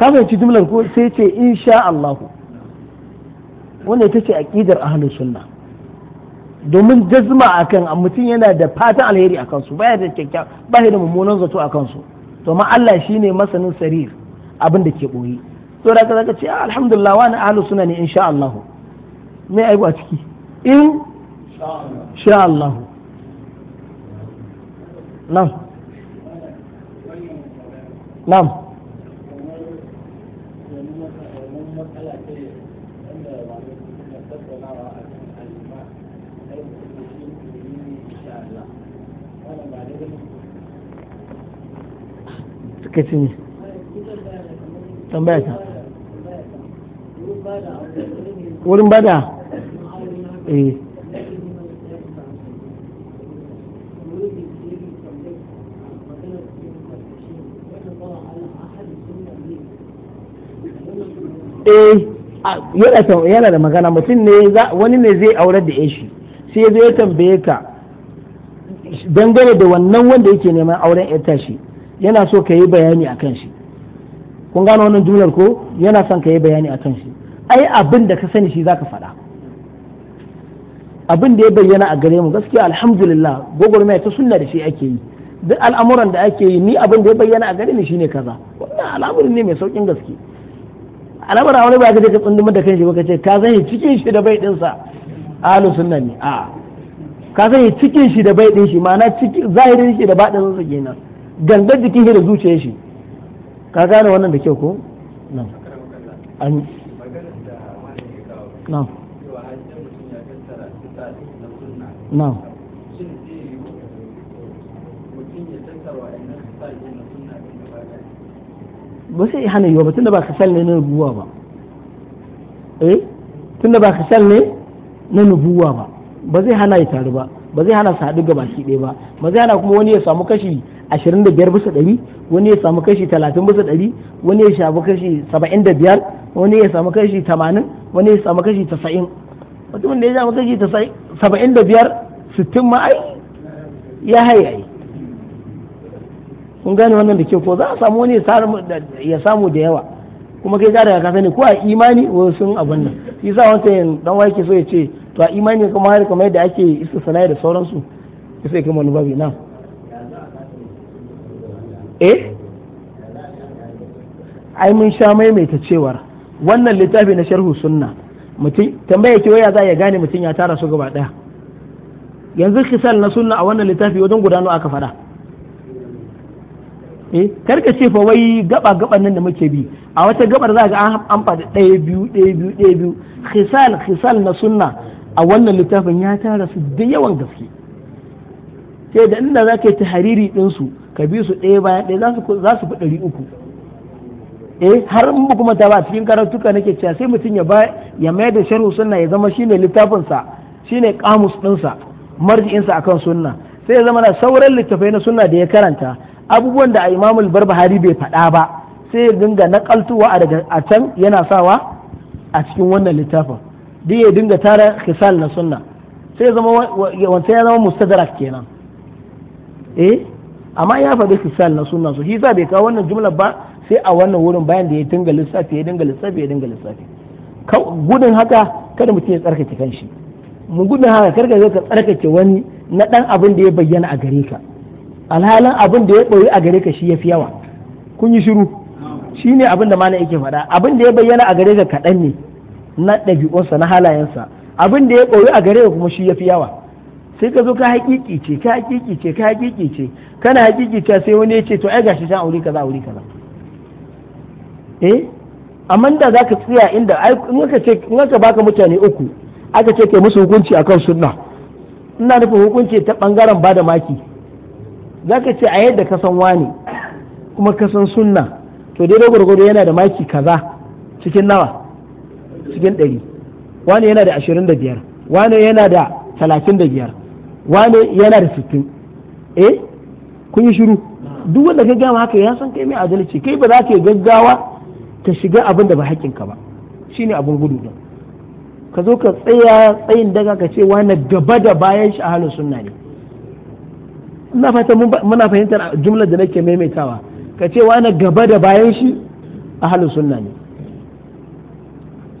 ka fahimci jimlar ko sai ce insha Allahu wanda ita ce aqidar ahlus sunna domin jazma akan a mutum yana da fatan alheri a kansu baya da kyakkyawa ba da mummunan zato a kansu to ma Allah shine masanin sarir abin da ke boye to da kaza ce ah, alhamdulillah wani ahlus sunna ne insha Allahu me aibu a ciki in sha Allah Nan? Nan?
suka tambaya ta wurin bada eh, eh
yana da magana mutum ne wani ne zai aurar da shi sai zai tambaye ka dangane da wannan wanda yake neman auren ya tashi yana so ka yi bayani a kan shi kun gano wannan jumlar ko yana son ka yi bayani a kan shi ai abin da ka sani shi za ka faɗa abin da ya bayyana a gare mu gaskiya alhamdulillah mai ta sunna da shi ake yi duk al'amuran da ake yi ni abin da ya bayyana a gare ni shine kaza wannan al'amarin ne mai saukin gaske al'amarin wani ba ka je ka tsundumar da kanshi ba ka ce ka zai cikin shi da bai din sa? ahlus sunna ne a ka zai cikin shi da bai din shi ma'ana cikin zahirin shi da baɗin sa kenan gangan jikin shi da zuciyar shi ka gane wannan da kyau ko nan an
nan nan
ba sai hana yiwa ba tunda ba sal ne na nubuwa ba eh tunda ba sal ne na nubuwa ba ba zai hana ya taru ba ba zai hana su haɗu ga baki ɗaya ba ba zai hana kuma wani ya samu kashi 25 bisa ɗari wani ya samu kashi 30 bisa ɗari wani ya samu kashi 75 wani ya samu kashi 80 wani ya samu kashi 90 mutumin da ya samu kashi 75 60 ma ai ya haye kun gane wannan da ke ko za a samu wani ya samu da yawa kuma kai ka daga ka sani ko a imani wasu sun abun nan shi sa wancan dan wake so ya ce to a imani kuma har kamar yadda ake istisnai da sauransu sai kuma wani babi na eh ai mun sha maimaita cewar wannan littafi na sharhu sunna mutum tambaya ke waya za ya gane mutum ya tara su gaba daya yanzu kisal na sunna a wannan littafi wajen gudanu aka faɗa eh karka ce fa wai gaba gaban nan da muke bi a wata gabar za ga an faɗi ɗaya biyu ɗaya biyu ɗaya biyu kisal kisal na sunna a wannan littafin ya tara su da yawan gaske sai da inda za ka yi tahariri ɗinsu ka bi su ɗaya bayan ɗaya za su fi ɗari uku eh har in ba kuma ta ba cikin karatuka nake cewa sai mutum ya ba ya mayar da sharhu sunna ya zama shine littafin sa shine kamus ɗinsa marji'in sa akan sunna sai ya zama na sauran littafai na sunna da ya karanta abubuwan da imamul barbahari bai faɗa ba sai ya dinga naƙaltuwa daga a can yana sawa a cikin wannan littafin duk ya dinga tara kisal na sunna sai ya zama wancan ya zama mustadrak kenan eh amma ya faɗi kisal na sunna su hisa bai kawo wannan jumla ba sai a wannan wurin bayan da ya dinga lissafi ya dinga lissafi ya dinga lissafi gudun haka kada mutum ya tsarkake kanshi mu gudun haka karka zai ka tsarkake wani na dan abin da ya bayyana a gare ka alhalin abin da ya ɓoye a gare ka shi ya fi yawa kun yi shiru shine abin da mana yake faɗa abin da ya bayyana a gare ka kaɗan ne na ɗabi'unsa na halayensa abin da ya ɓoyi a gare ka kuma shi ya fi yawa sai ka zo ka ce ka ce ka ce kana ce sai wani ya ce to ai gashi can aure kaza aure kaza eh amma da ka tsaya inda in ka ce in aka baka mutane uku aka ce kai musu hukunci akan sunna ina nufin hukunci ta bangaren bada maki za ka ce a yadda ka san wani kuma ka san sunna to daidai gwargwado yana da maki kaza cikin nawa cikin ɗari wani yana da ashirin da biyar wani yana da talatin da biyar wani yana da sittin eh kun yi shiru duk wanda ka gama haka ya san kai mai adalci kai ba za ka yi gaggawa ka shiga abin da ba ka ba shine abin gudu din ka zo ka tsaya tsayin daga ka ce wani gaba da bayan shi a halin sunna ne ina fata muna fahimtar jumlar da nake maimaitawa ka ce wani gaba da bayan shi a halin sunna ne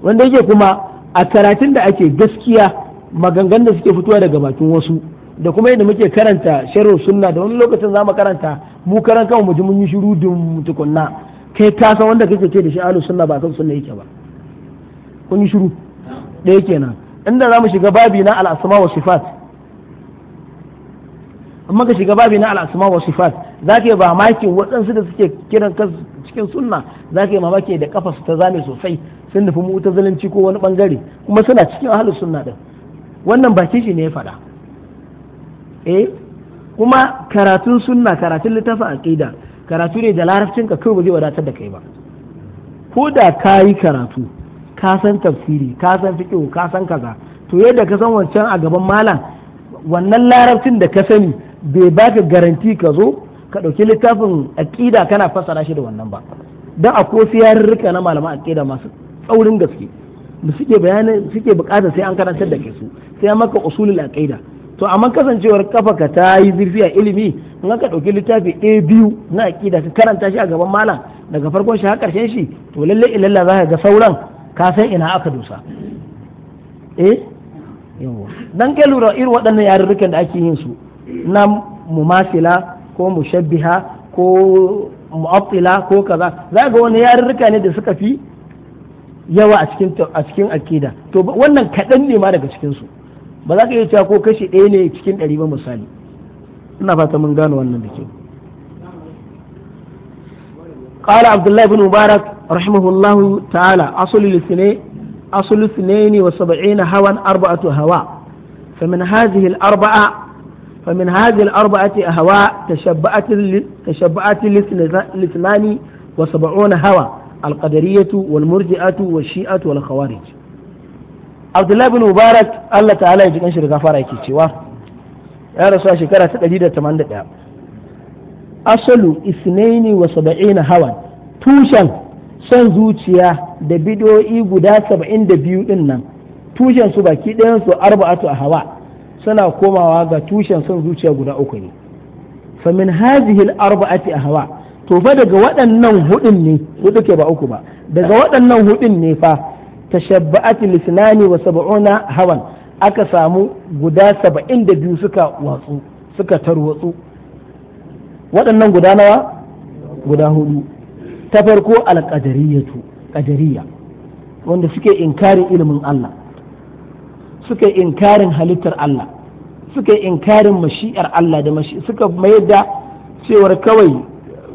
wanda yake kuma a karatun da ake gaskiya maganganun da suke fitowa daga bakin wasu da kuma yadda muke karanta sharru sunna da wani lokacin za mu karanta mu karan mu ji mun yi shiru dum tukunna kai ka san wanda kake ce da shi alu sunna ba kan sunna yake ba kun yi shiru yake kenan inda za mu shiga babi na al-asma wa sifat in ka shiga babi na al'asma wa sifat za ka yi maki waɗansu da suke kiran kansu cikin sunna za ka yi mamaki da kafa su ta zame sosai sun nufi mu ta zalunci ko wani bangare kuma suna cikin ahlus sunna din wannan baki shi ne ya faɗa eh kuma karatun sunna karatun littafin aqida karatu ne da larabcin ka kai ba zai wadatar da kai ba ko da ka yi karatu ka san tafsiri ka san fiqh ka san kaza to yadda ka san wancan a gaban malam wannan larabcin da ka sani bai baka garanti ka zo ka ɗauki littafin aƙida kana fassara shi da wannan ba don a kofi yarurruka na malaman aƙida masu tsaurin gaske suke bayanin sai an karantar da ke su sai an maka usulul aƙida to amma kasancewar kafa ka ta yi zurfi a ilimi in ka ɗauki littafi a biyu na aƙida ka karanta shi a gaban malam daga farkon shi har ƙarshen shi to lalle ilalla za ka ga sauran ka san ina aka dosa eh yawa dan kai lura irin waɗannan yarurrukan da ake yin su na mumasila ko mushabbiha ko mu'attila ko kaza za ga wani yarurruka ne da suka fi yawa a cikin a cikin akida to wannan kaɗan ne ma daga cikin su ba za ka iya cewa ko kashi ɗaya ne cikin ɗari ba misali ina fata mun gano wannan da Abdullahi قال عبد الله بن مبارك رحمه الله تعالى أصل الاثنين أصل الاثنين وسبعين هوا أربعة هواء فمن هذه الأربعة فمن هذه الأربعة أهواء تشبعت تشبعت الاثنان وسبعون هوى القدرية والمرجئة والشيعة والخوارج عبد الله بن مبارك الله تعالى يجي أنشر غفارة كيتشوا يا رسول شكرا تقليد تمند أصل اثنين وسبعين هوى توشن son zuciya da bidoyi guda saba'in da biyu ɗin nan tushen su baki ɗayan su arba'atu a hawa suna komawa ga tushen son zuciya guda uku ne fa min hadhihi al-arba'ati ahwa to fa daga waɗannan hudun ne hudu ke ba uku ba daga waɗannan hudun ne fa tashabba'at lisnani wa sab'una hawan aka samu guda saba'in da biyu suka watsu suka tarwatsu waɗannan guda nawa guda hudu ta farko alƙadariyatu ƙadariya wanda suke inkarin ilimin Allah suka yi inkarin halittar Allah suka yi inkarin mashi'ar Allah da mashi suka mayar da cewar kawai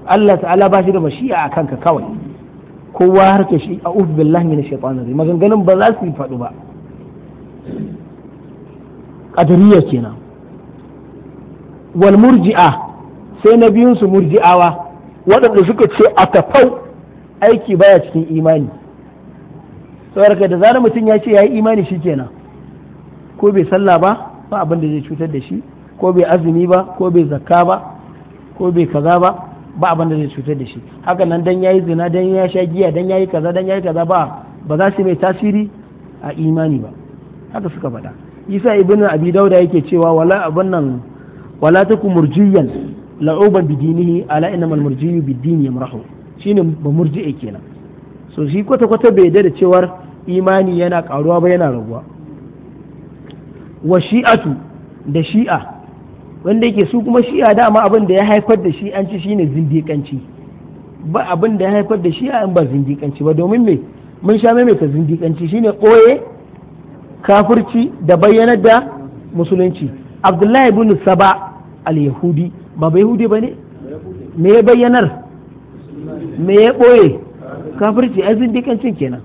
Allah ta'ala ba shi da mashi'a a kanka kawai kowa har ta shi a ufi billahi min shaitan zai maganganun ba za su yi faɗu ba qadariya kenan wal murji'a sai na biyun su murji'awa waɗanda suka ce a tafau aiki baya cikin imani saboda da zarar mutum ya ce ya yi imani shi kenan ko bai sallah ba ba abin da zai cutar da shi ko bai azumi ba ko bai zakka ba ko bai kaza ba ba abin da zai cutar da shi haka nan dan yayi zina dan ya sha giya dan yayi kaza dan yayi kaza ba ba za su mai tasiri a imani ba haka suka faɗa isa ibn abi dauda yake cewa wala abin nan wala taku murjiyan la'uban bidinihi ala innamal murjiyu bidini yamrahu shine ba murji'e kenan so shi kwata kwata bai da cewar imani yana karuwa ba yana raguwa wa shi'atu da shi'a wanda yake su kuma shi'a dama abin da ya haifar da shi an ci shine zindiƙanci ba abin da ya haifar da shi'a an ba zindiƙanci ba domin me mun sha maimaita zindiƙanci shine ɓoye kafirci da bayyanar da musulunci abdullahi bin saba al-yahudi ba ba yahudi ba ne me ya bayyanar
me ya ɓoye kafirci
ai zindiƙancin kenan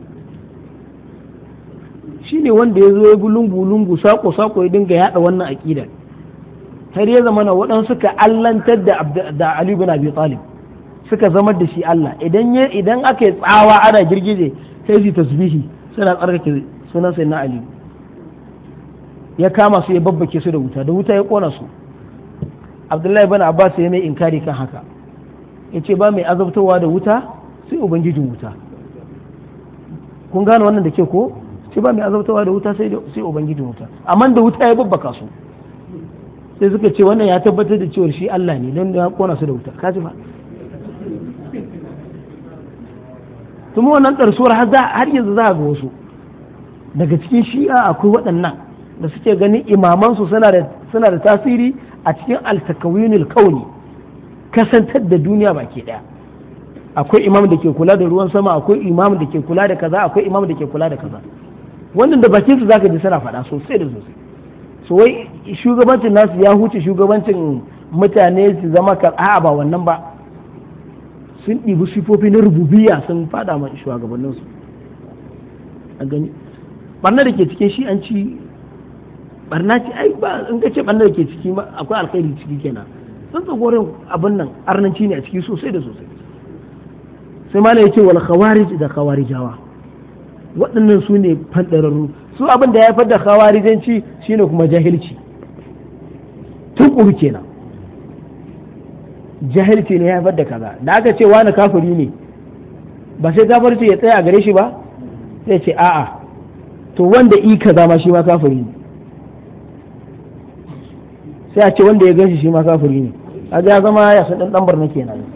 Shi ne wanda ya zo ya bi lungu-lungu sako-sako ya dinga yada wannan aƙidar har ya zama na waɗansu suka allantar da da Ali bin Abi Talib suka zama da shi Allah idan ya idan aka yi tsawa ana girgije sai su tasbihi suna tsarkake sunan sai na Ali ya kama su ya babbake su da wuta da wuta ya kona su Abdullahi bin Abbas ya mai inkari kan haka yace ba mai azabtarwa da wuta sai ubangijin wuta kun gane wannan da ke ko shi ba mai azabtawa da wuta sai ubangiji wuta amma da wuta ya babbaka su sai suka ce wannan ya tabbatar da cewar shi Allah ne don ya kona su da wuta ka ji ba kuma wannan har yanzu za a ga wasu daga cikin shi'a akwai waɗannan da suke ganin su suna da tasiri a cikin altakawinul kauni kasantar da duniya baki ɗaya akwai imam da ke kula da ruwan sama akwai imam da ke kula da kaza akwai imam da ke kula da kaza wannan da bakin su zaka ji suna faɗa sosai da sosai so wai shugabancin nasu ya huce shugabancin mutane su zama ka a'a ba wannan ba sun ɗibi sifofi na rububiya sun fada ma shugabannin su a gani barna da ke cikin shi an ci barna ce ai ba in ka ce barna da ke ciki akwai alkhairi ciki kenan sun tsagorin abin nan arnanci ne a ciki sosai da sosai sai ma ya ce wal khawarij da khawarijawa waɗannan su ne fadararru su abin da ya fadda khawarijanci shine kuma jahilci tun tukuru kenan jahilci ne ya fadda kaza da aka ce wani kafiri ne ba sai kafirci ya tsaya a gare shi ba sai ce a'a to wanda i kaza ma shi ma kafiri ne sai a ce wanda ya ganshi shi ma kafiri ne a ga zama ya san ɗan barna kenan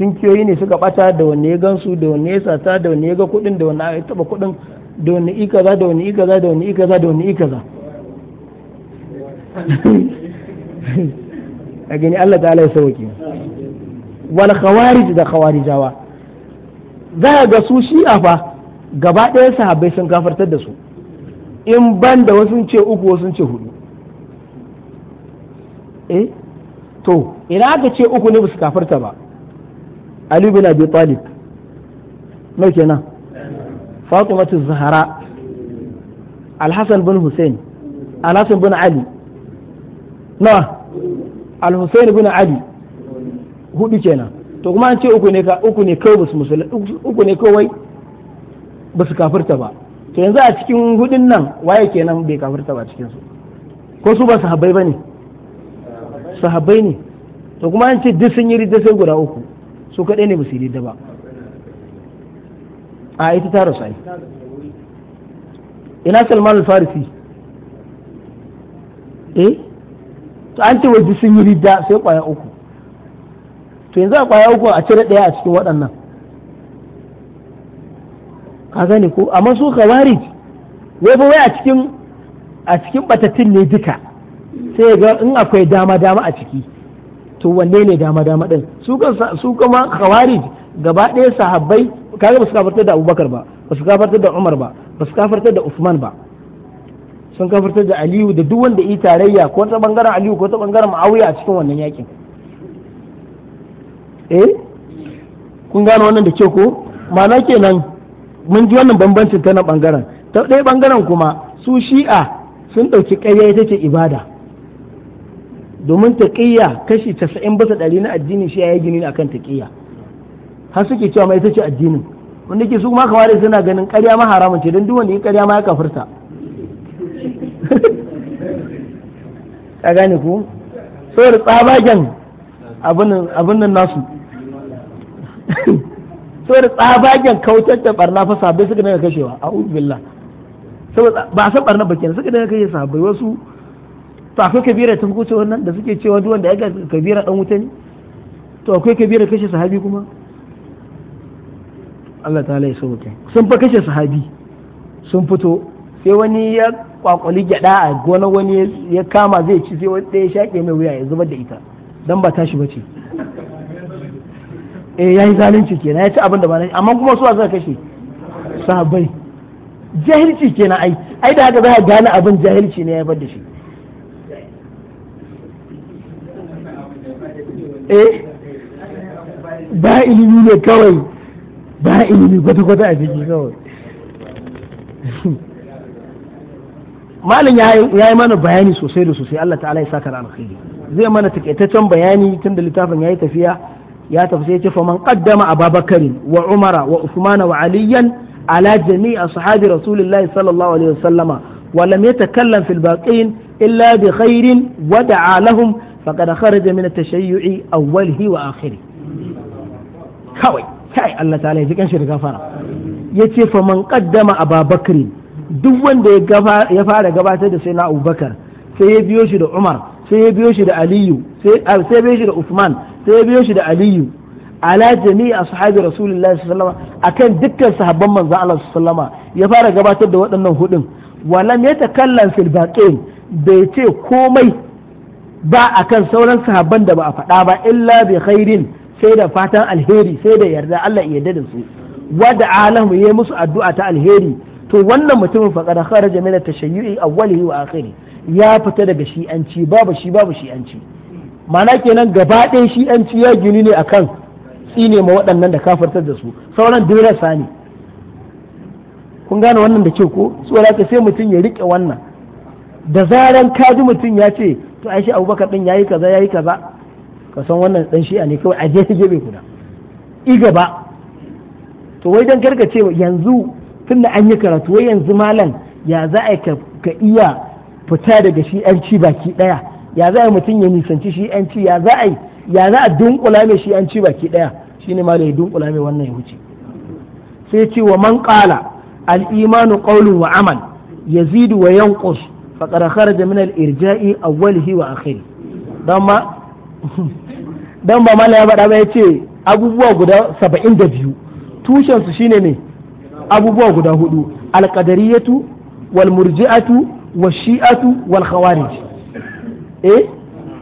Tunkiyoyi ne suka bata da wanne ya gansu da wanne ya sata da wanne ya ga kudin da wanne ya taba kudin da wanne ika kaza da wanne ika kaza da wanne ika kaza da wanne ika kaza a gani Allah ta ya sauke wal khawarij da khawarijawa za ga su shi'a fa gaba ɗaya sahabbai sun kafartar da su in ban da wasu ce uku wasu ce hudu eh to ina aka ce uku ne ba su kafarta ba Ali bin Abi Talib mai kenan Fatimatu Zahra Al-Hasan bin Hussein Al-Hasan bin Ali na al bin Ali hudu kenan to kuma an ce uku ne ka uku ne kawai basu musulmi uku ne kawai basu kafirta ba to yanzu a cikin hudun nan waye kenan bai kafirta ba cikin su ko su ba sahabbai bane sahabbai ne to kuma an ce duk sun yi ridda sai guda uku su kaɗai ne ba su yadda ba a ita ta rasu ai ina salman al-farisi eh to an ce waje sun yi ridda sai kwaya uku to yanzu a kwaya uku a cire ɗaya a cikin waɗannan ka gane ko amma su kawari wai ba wai a cikin a cikin batattun ne duka sai ga in akwai dama dama a ciki to wanne ne dama dama din su su kuma khawarij gaba ɗaya sahabbai kaga ba su kafartar da Abubakar ba ba su kafartar da Umar ba ba su kafartar da Usman ba sun kafartar da Aliyu da duk wanda yi tarayya ko ta bangaren Aliyu ko ta bangaren Muawiya a cikin wannan yakin eh kun gane wannan da ke ko ma'ana kenan mun ji wannan bambancin ta na bangaren ta ɗaya bangaren kuma su shi'a sun ɗauki ƙarya ita ce ibada domin taƙiyya kashi casa'in bisa ɗari na addini shi yayi gini akan taƙiyya har suke cewa mai ita ce addinin wanda ke su kuma kawai suna ganin ƙarya ma haramun ce don duk wanda ya ƙarya ma ya kafirta ka gane ku
saboda tsabagen
abin nan nasu saboda tsabagen kautar da barna fa sabai suka daga kashewa a billah saboda ba san barna ba kenan suka daga kashe sabai wasu to akwai kabira tun kuce wannan da suke cewa duk wanda ya ga kabira dan wuta ne to akwai kabira kashe sahabi kuma Allah ta'ala ya sauke sun fa kashe sahabi sun fito sai wani ya kwakwali gyada a gona wani ya kama zai ci sai wani ya shaƙe mai wuya ya zubar da ita dan ba tashi ba ce eh ya yi zalunci kenan ya ci abin da ba na amma kuma su za zai kashe sahabbai jahilci kenan ai ai da haka za a gane abin jahilci ne ya bar da shi
eh ba
ilimi ne kawai ba ilimi kwata-kwata a ciki kawai malin ya yi mana bayani sosai da sosai Allah ta'ala ya saka da alkhairi zai mana takaitaccen bayani tun da littafin ya yi tafiya ya tafi sai ce faman qaddama ababakari wa umara wa usmana wa aliyan ala jami'i ashabi rasulillahi sallallahu alaihi wasallama wa lam yatakallam fil baqin illa bi khairin wa da'a lahum faqad kharaja min at-tashayyu'i awwalihi wa akhiri kawai kai Allah ta'ala ya ji kanshi da gafara yace fa man qaddama Ababakar duk wanda ya fara gabatar da sai na Abubakar sai ya biyo shi da Umar sai ya biyo shi Aliyu sai ya biyo shi da sai ya biyo shi Aliyu ala jami'i ashabi rasulullahi sallallahu alaihi wasallam akan dukkan sahabban manzo Allah sallallahu ya fara gabatar da waɗannan hudun walam yatakallam fil baqin bai ce komai ba kan sauran sahabban da ba a faɗa ba illa bi khairin sai da fatan alheri sai da yarda Allah ya yarda da su wada alahu ya musu addu'a ta alheri to wannan mutumin fa kada kharaja min at-tashayyu'i awwalihi wa akhiri ya fita daga shi'anci babu shi babu shi'anci ma'ana kenan gaba ɗaya shi'anci ya gini ne akan tsine ma waɗannan da kafartar da su sauran dirasa ne kun gane wannan da kyau ko tsoraka sai mutum ya rike wannan da zaran ka ji mutum ya ce to ai shi abubakar din yayi kaza yayi kaza ka san wannan dan shi'a ne kawai a je gefe guda i gaba to wai dan karka ce yanzu tunda an yi karatu wai yanzu malam ya za a ka iya fita daga shi'anci baki daya ya za a mutum ya nisanci shi'anci ya za a ya za a dunkula mai shi'anci baki daya shine malam ya dunkula mai wannan ya wuce sai ce wa man qala al imanu qawlun wa amal yazidu wa yanqus faqad kharaja min al-irja'i awwalihi wa akhiri dan ma dan ba mala ya faɗa ba yace abubuwa guda 72 tushen su shine ne abubuwa guda hudu al-qadariyatu wal murji'atu wal shi'atu wal khawarij eh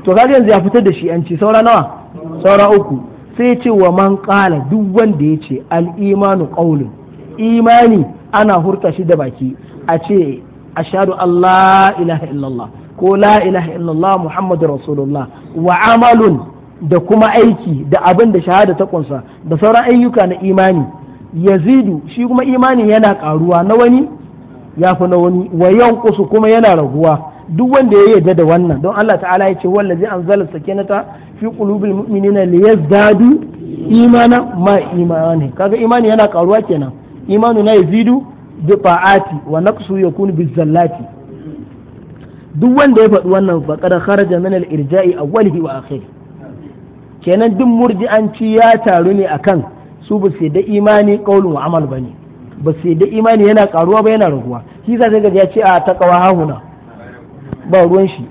to kaga yanzu ya fitar da shi'anci saura nawa saura uku sai ce wa man qala duk wanda yace al-imanu qawlun imani ana hurta shi da baki a ce ashhadu Allah la ilaha illallah ko la ilaha illallah muhammadur rasulullah wa amalun da kuma aiki da abin da shahada ta kunsa da sauran ayyuka na imani yazidu shi kuma imani yana karuwa na wani ya fi na wani wa yanqusu kuma yana raguwa duk wanda ya yarda da wannan don Allah ta'ala ya ce wallazi anzala sakinata fi qulubil mu'minina liyazdadu imana ma imani kaga imani yana karuwa kenan imanu na yazidu bifaati ta'ati wa naqsu yakunu duk wanda ya faɗi wannan fa kharaja min al irja'i awwalihi wa akhiri kenan duk murji'anci ya taru ne akan su ba su da imani qaulun wa amal bane ba su da imani yana karuwa ba yana raguwa shi za sai ya ce a taqwa hahuna ba ruwan shi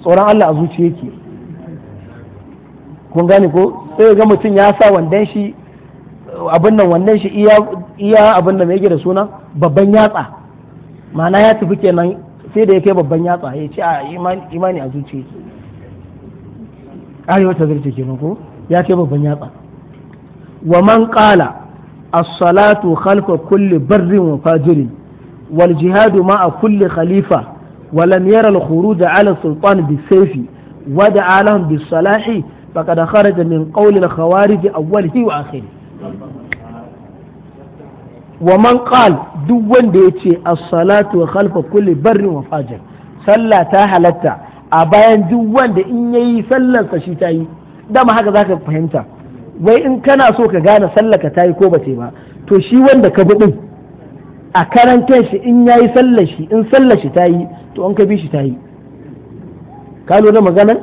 tsoron Allah a zuciya yake kun gane ko sai ga mutum ya sa wandan shi abin nan wannan shi iya abin nan yake da suna babban yatsa ma'ana ya tafi kenan sai da ya kai babban yatsa ya ce a imani a zuci ƙari wata zarce kenan ko ya kai babban yatsa wa man ƙala as-salatu khalfa kulli barrin wa fajirin wal jihadu ma a kulli khalifa wa lam yara al-khuruj 'ala sultan bisayfi wa da'a lahum salahi faqad kharaja min qawli al-khawarij awwalihi wa akhirih wa man qal duk wanda ya ce as-salatu khalfa kulli barrin wa fajir sallah ta halatta a bayan duk wanda in yayi sa shi ta yi ma haka zaka fahimta wai in kana so ka gane sallar ka ta yi ko ba ta ba to shi wanda ka buɗin a karan shi in yayi sallar shi in sallar shi ta yi to an ka bi shi ta yi ka lura maganar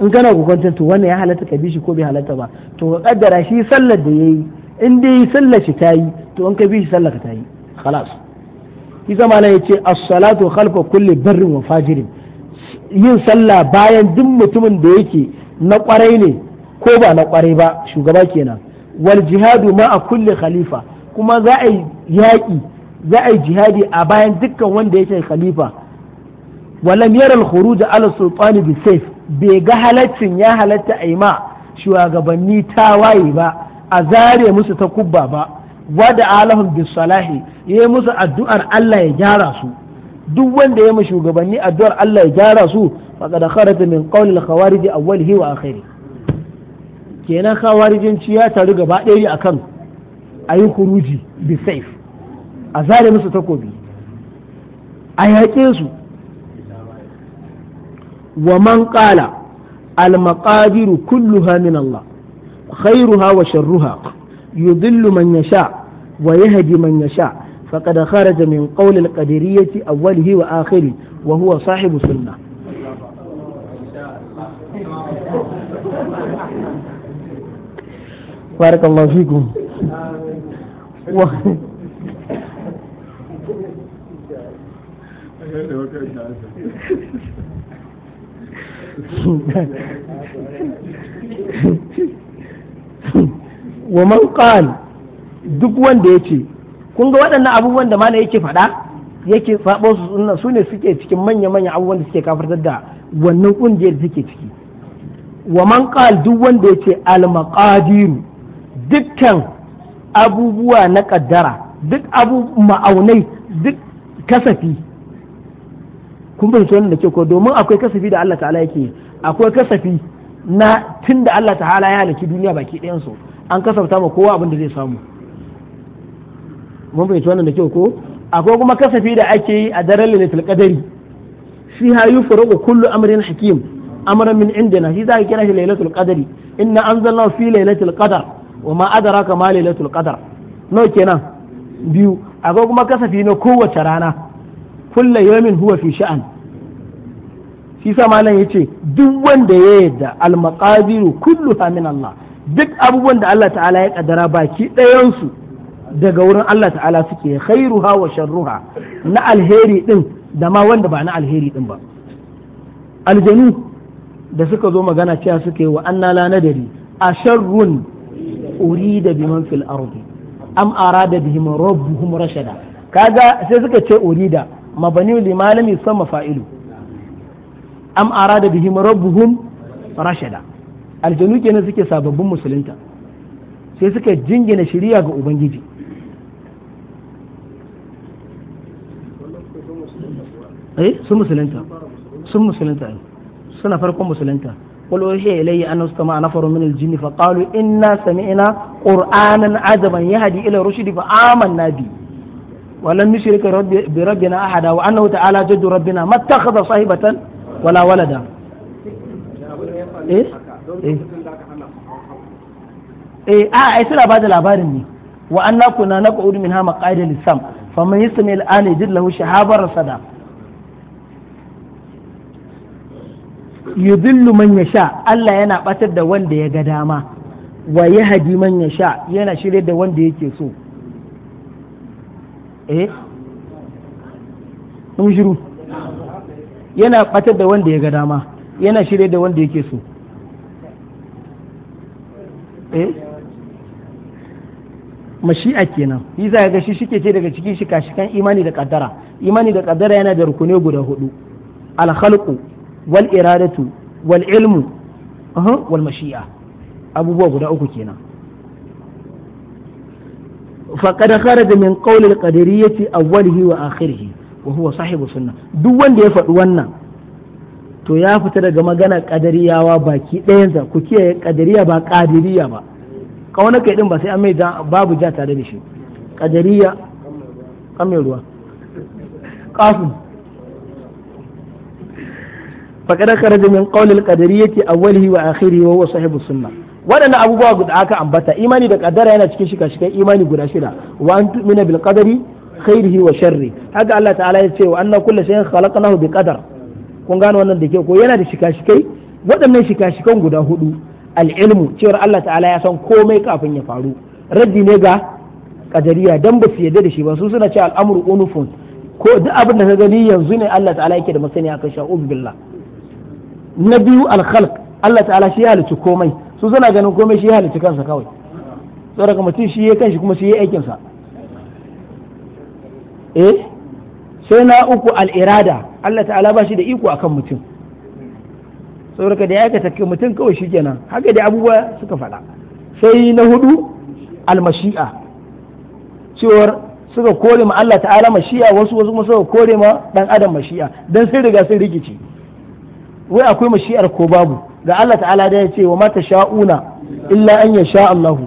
in kana kokonta to wannan ya halatta ka bi shi ko bai halatta ba to kaddara shi sallar da yayi in dai sallar shi ta yi to in ka bi shi sallar ka ta yi khalas isa malam ya ce as-salatu khalfa kulli barrin wa fajirin yin sallah bayan duk mutumin da yake na kwarai ne ko ba na kwarai ba shugaba kenan wal jihadu ma a kulli khalifa kuma za a yi yaƙi za a yi jihadi a bayan dukkan wanda yake khalifa walam yara al-khuruj ala sultani bi sayf bai ga halaccin ya halatta a yi ma shugabanni tawaye ba a zare musu ta kubba ba wada alahum bis salahi yayi musu addu'ar Allah ya gyara su duk wanda ya ma shugabanni addu'ar Allah ya gyara su faqad kharaja min qawli al khawarij awwalihi wa akhiri kenan ci ya taru gaba ɗaya akan ayi khuruji bi saif a zare musu takobi a yaƙe su wa man qala al maqadiru kulluha min Allah خيرها وشرها يضل من يشاء ويهدي من يشاء فقد خرج من قول القدرية أوله وآخره وهو صاحب سنة
بارك الله فيكم و... Thank you.
wa man qal duk wanda yace kun ga waɗannan abubuwan da mana yake faɗa yake sabon su sunna su ne suke cikin manya manya abubuwan da suke kafartar da wannan kungiyar da suke ciki wa man qal duk wanda yace al maqadir dukkan abubuwa na kaddara duk abu ma'aunai duk kasafi kun fahimci wannan da ke ko domin akwai kasafi da Allah ta'ala yake akwai kasafi na tun da Allah ta hala ya halaki duniya baki ɗayan su an kasafta ma kowa abin da zai samu mun fahimci wannan da kyau ko akwai kuma kasafi da ake yi a daren lailatul qadari shi ha yufruqu kullu amrin hakim amran min indina shi zaka kira shi lailatul qadari inna anzalna fi lailatul qadar wa ma adraka ma lailatul qadar no kenan biyu akwai kuma kasafi na kowace rana kullu yawmin huwa fi sha'an shi Malam ya ce duk wanda ya yarda al kullu ha min Allah duk abubuwan da Allah ta'ala ya kaddara baki ɗayansu daga wurin Allah ta'ala suke khairuha wa sharruha na alheri din da ma wanda ba na alheri din ba aljanu da suka zo magana cewa suke wa anna la nadari a sharrun urida biman fil ardi am arada bihim rabbuhum rashada kaga sai suka ce urida mabani limalami sama fa'ilu am arada bihim rabbuhum rashada aljanu kenan suke sababbin musulunta sai suka jingina shiriya ga ubangiji eh sun musulunta sun musulunta suna farkon musulunta قل أوحي إلي أن استمع نفر من الجن فقالوا إنا سمعنا قرآنا عجبا يهدي إلى الرشد فآمنا به ولم نشرك بربنا أحدا وأنه تعالى جد ربنا ما اتخذ صاحبة
wala da, eh eh,
eh a ai suna ba da labarin ne wa anna kunna naq'udu minha maq'ida lisam faman yasmi al'ana yajid lahu shahabar rasada yudillu man yasha Allah yana batar da wanda ya ga dama wa yahdi man yasha yana shirye da wanda yake so eh mun yana batar da wanda ya ga dama yana shirye da wanda yake so eh mashi'a kenan yi za ga shi shike ce daga cikin shika kan imani da kaddara imani da kaddara yana da rukune guda hudu al wal iradatu wal ilmu wal mashi'a abubuwa guda uku kenan faqad kharaja min qawli al qadariyyati awwalihi wa akhirihi wa huwa sahibu sunna duk wanda ya faɗi wannan to ya fita daga magana kadariyawa baki ɗayansa ku kiyaye kadariya ba kadiriya ba kauna kai din ba sai an mai babu ja tare da shi kadariya kamar ruwa kafin فقد al من awwalihi wa akhirihi wa huwa sahibu السنة wadannan abubuwa guda aka ambata imani da kadara yana cikin shika kai imani guda shida wa an mina bil qadari khairihi wa sharri haka Allah ta'ala ya ce wa anna kullu shay'in khalaqnahu bi qadar kun gano wannan da ke ko yana da shika-shikai waɗannan shika-shikan guda hudu al-ilmu cewar Allah ta'ala ya san komai kafin ya faru raddi ne ga kadariya dan ba su yadda da shi ba su suna ce al'amur unufun ko duk abin da ka gani yanzu ne Allah ta'ala yake da masani akan sha'ub billah na biyu al-khalq Allah ta'ala shi ya halicci komai su suna ganin komai shi ya halicci kansa kawai saboda mutum shi ya kanshi kuma shi ya aikinsa eh sai na uku al'irada Allah ta'ala ba shi da iko akan mutum saboda da ya aikata mutum kawai shi kenan haka da abubuwa suka faɗa sai na hudu almashi'a cewar suka kore ma Allah ta'ala mashi'a wasu wasu kuma suka kore ma dan adam mashi'a dan sai riga sun rikici wai akwai mashi'ar ko babu ga Allah ta'ala da ya ce wa mata sha'una illa an yasha Allahu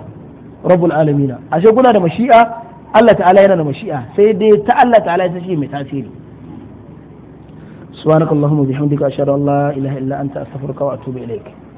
rabbul alamin ashe kuna da mashi'a Allah ta'ala yana da mashi'a sai dai ta Allah ta'ala ta ce mai tasiri subhanakallahumma bihamdika ashhadu an la ilaha illa anta astaghfiruka wa atubu ilaik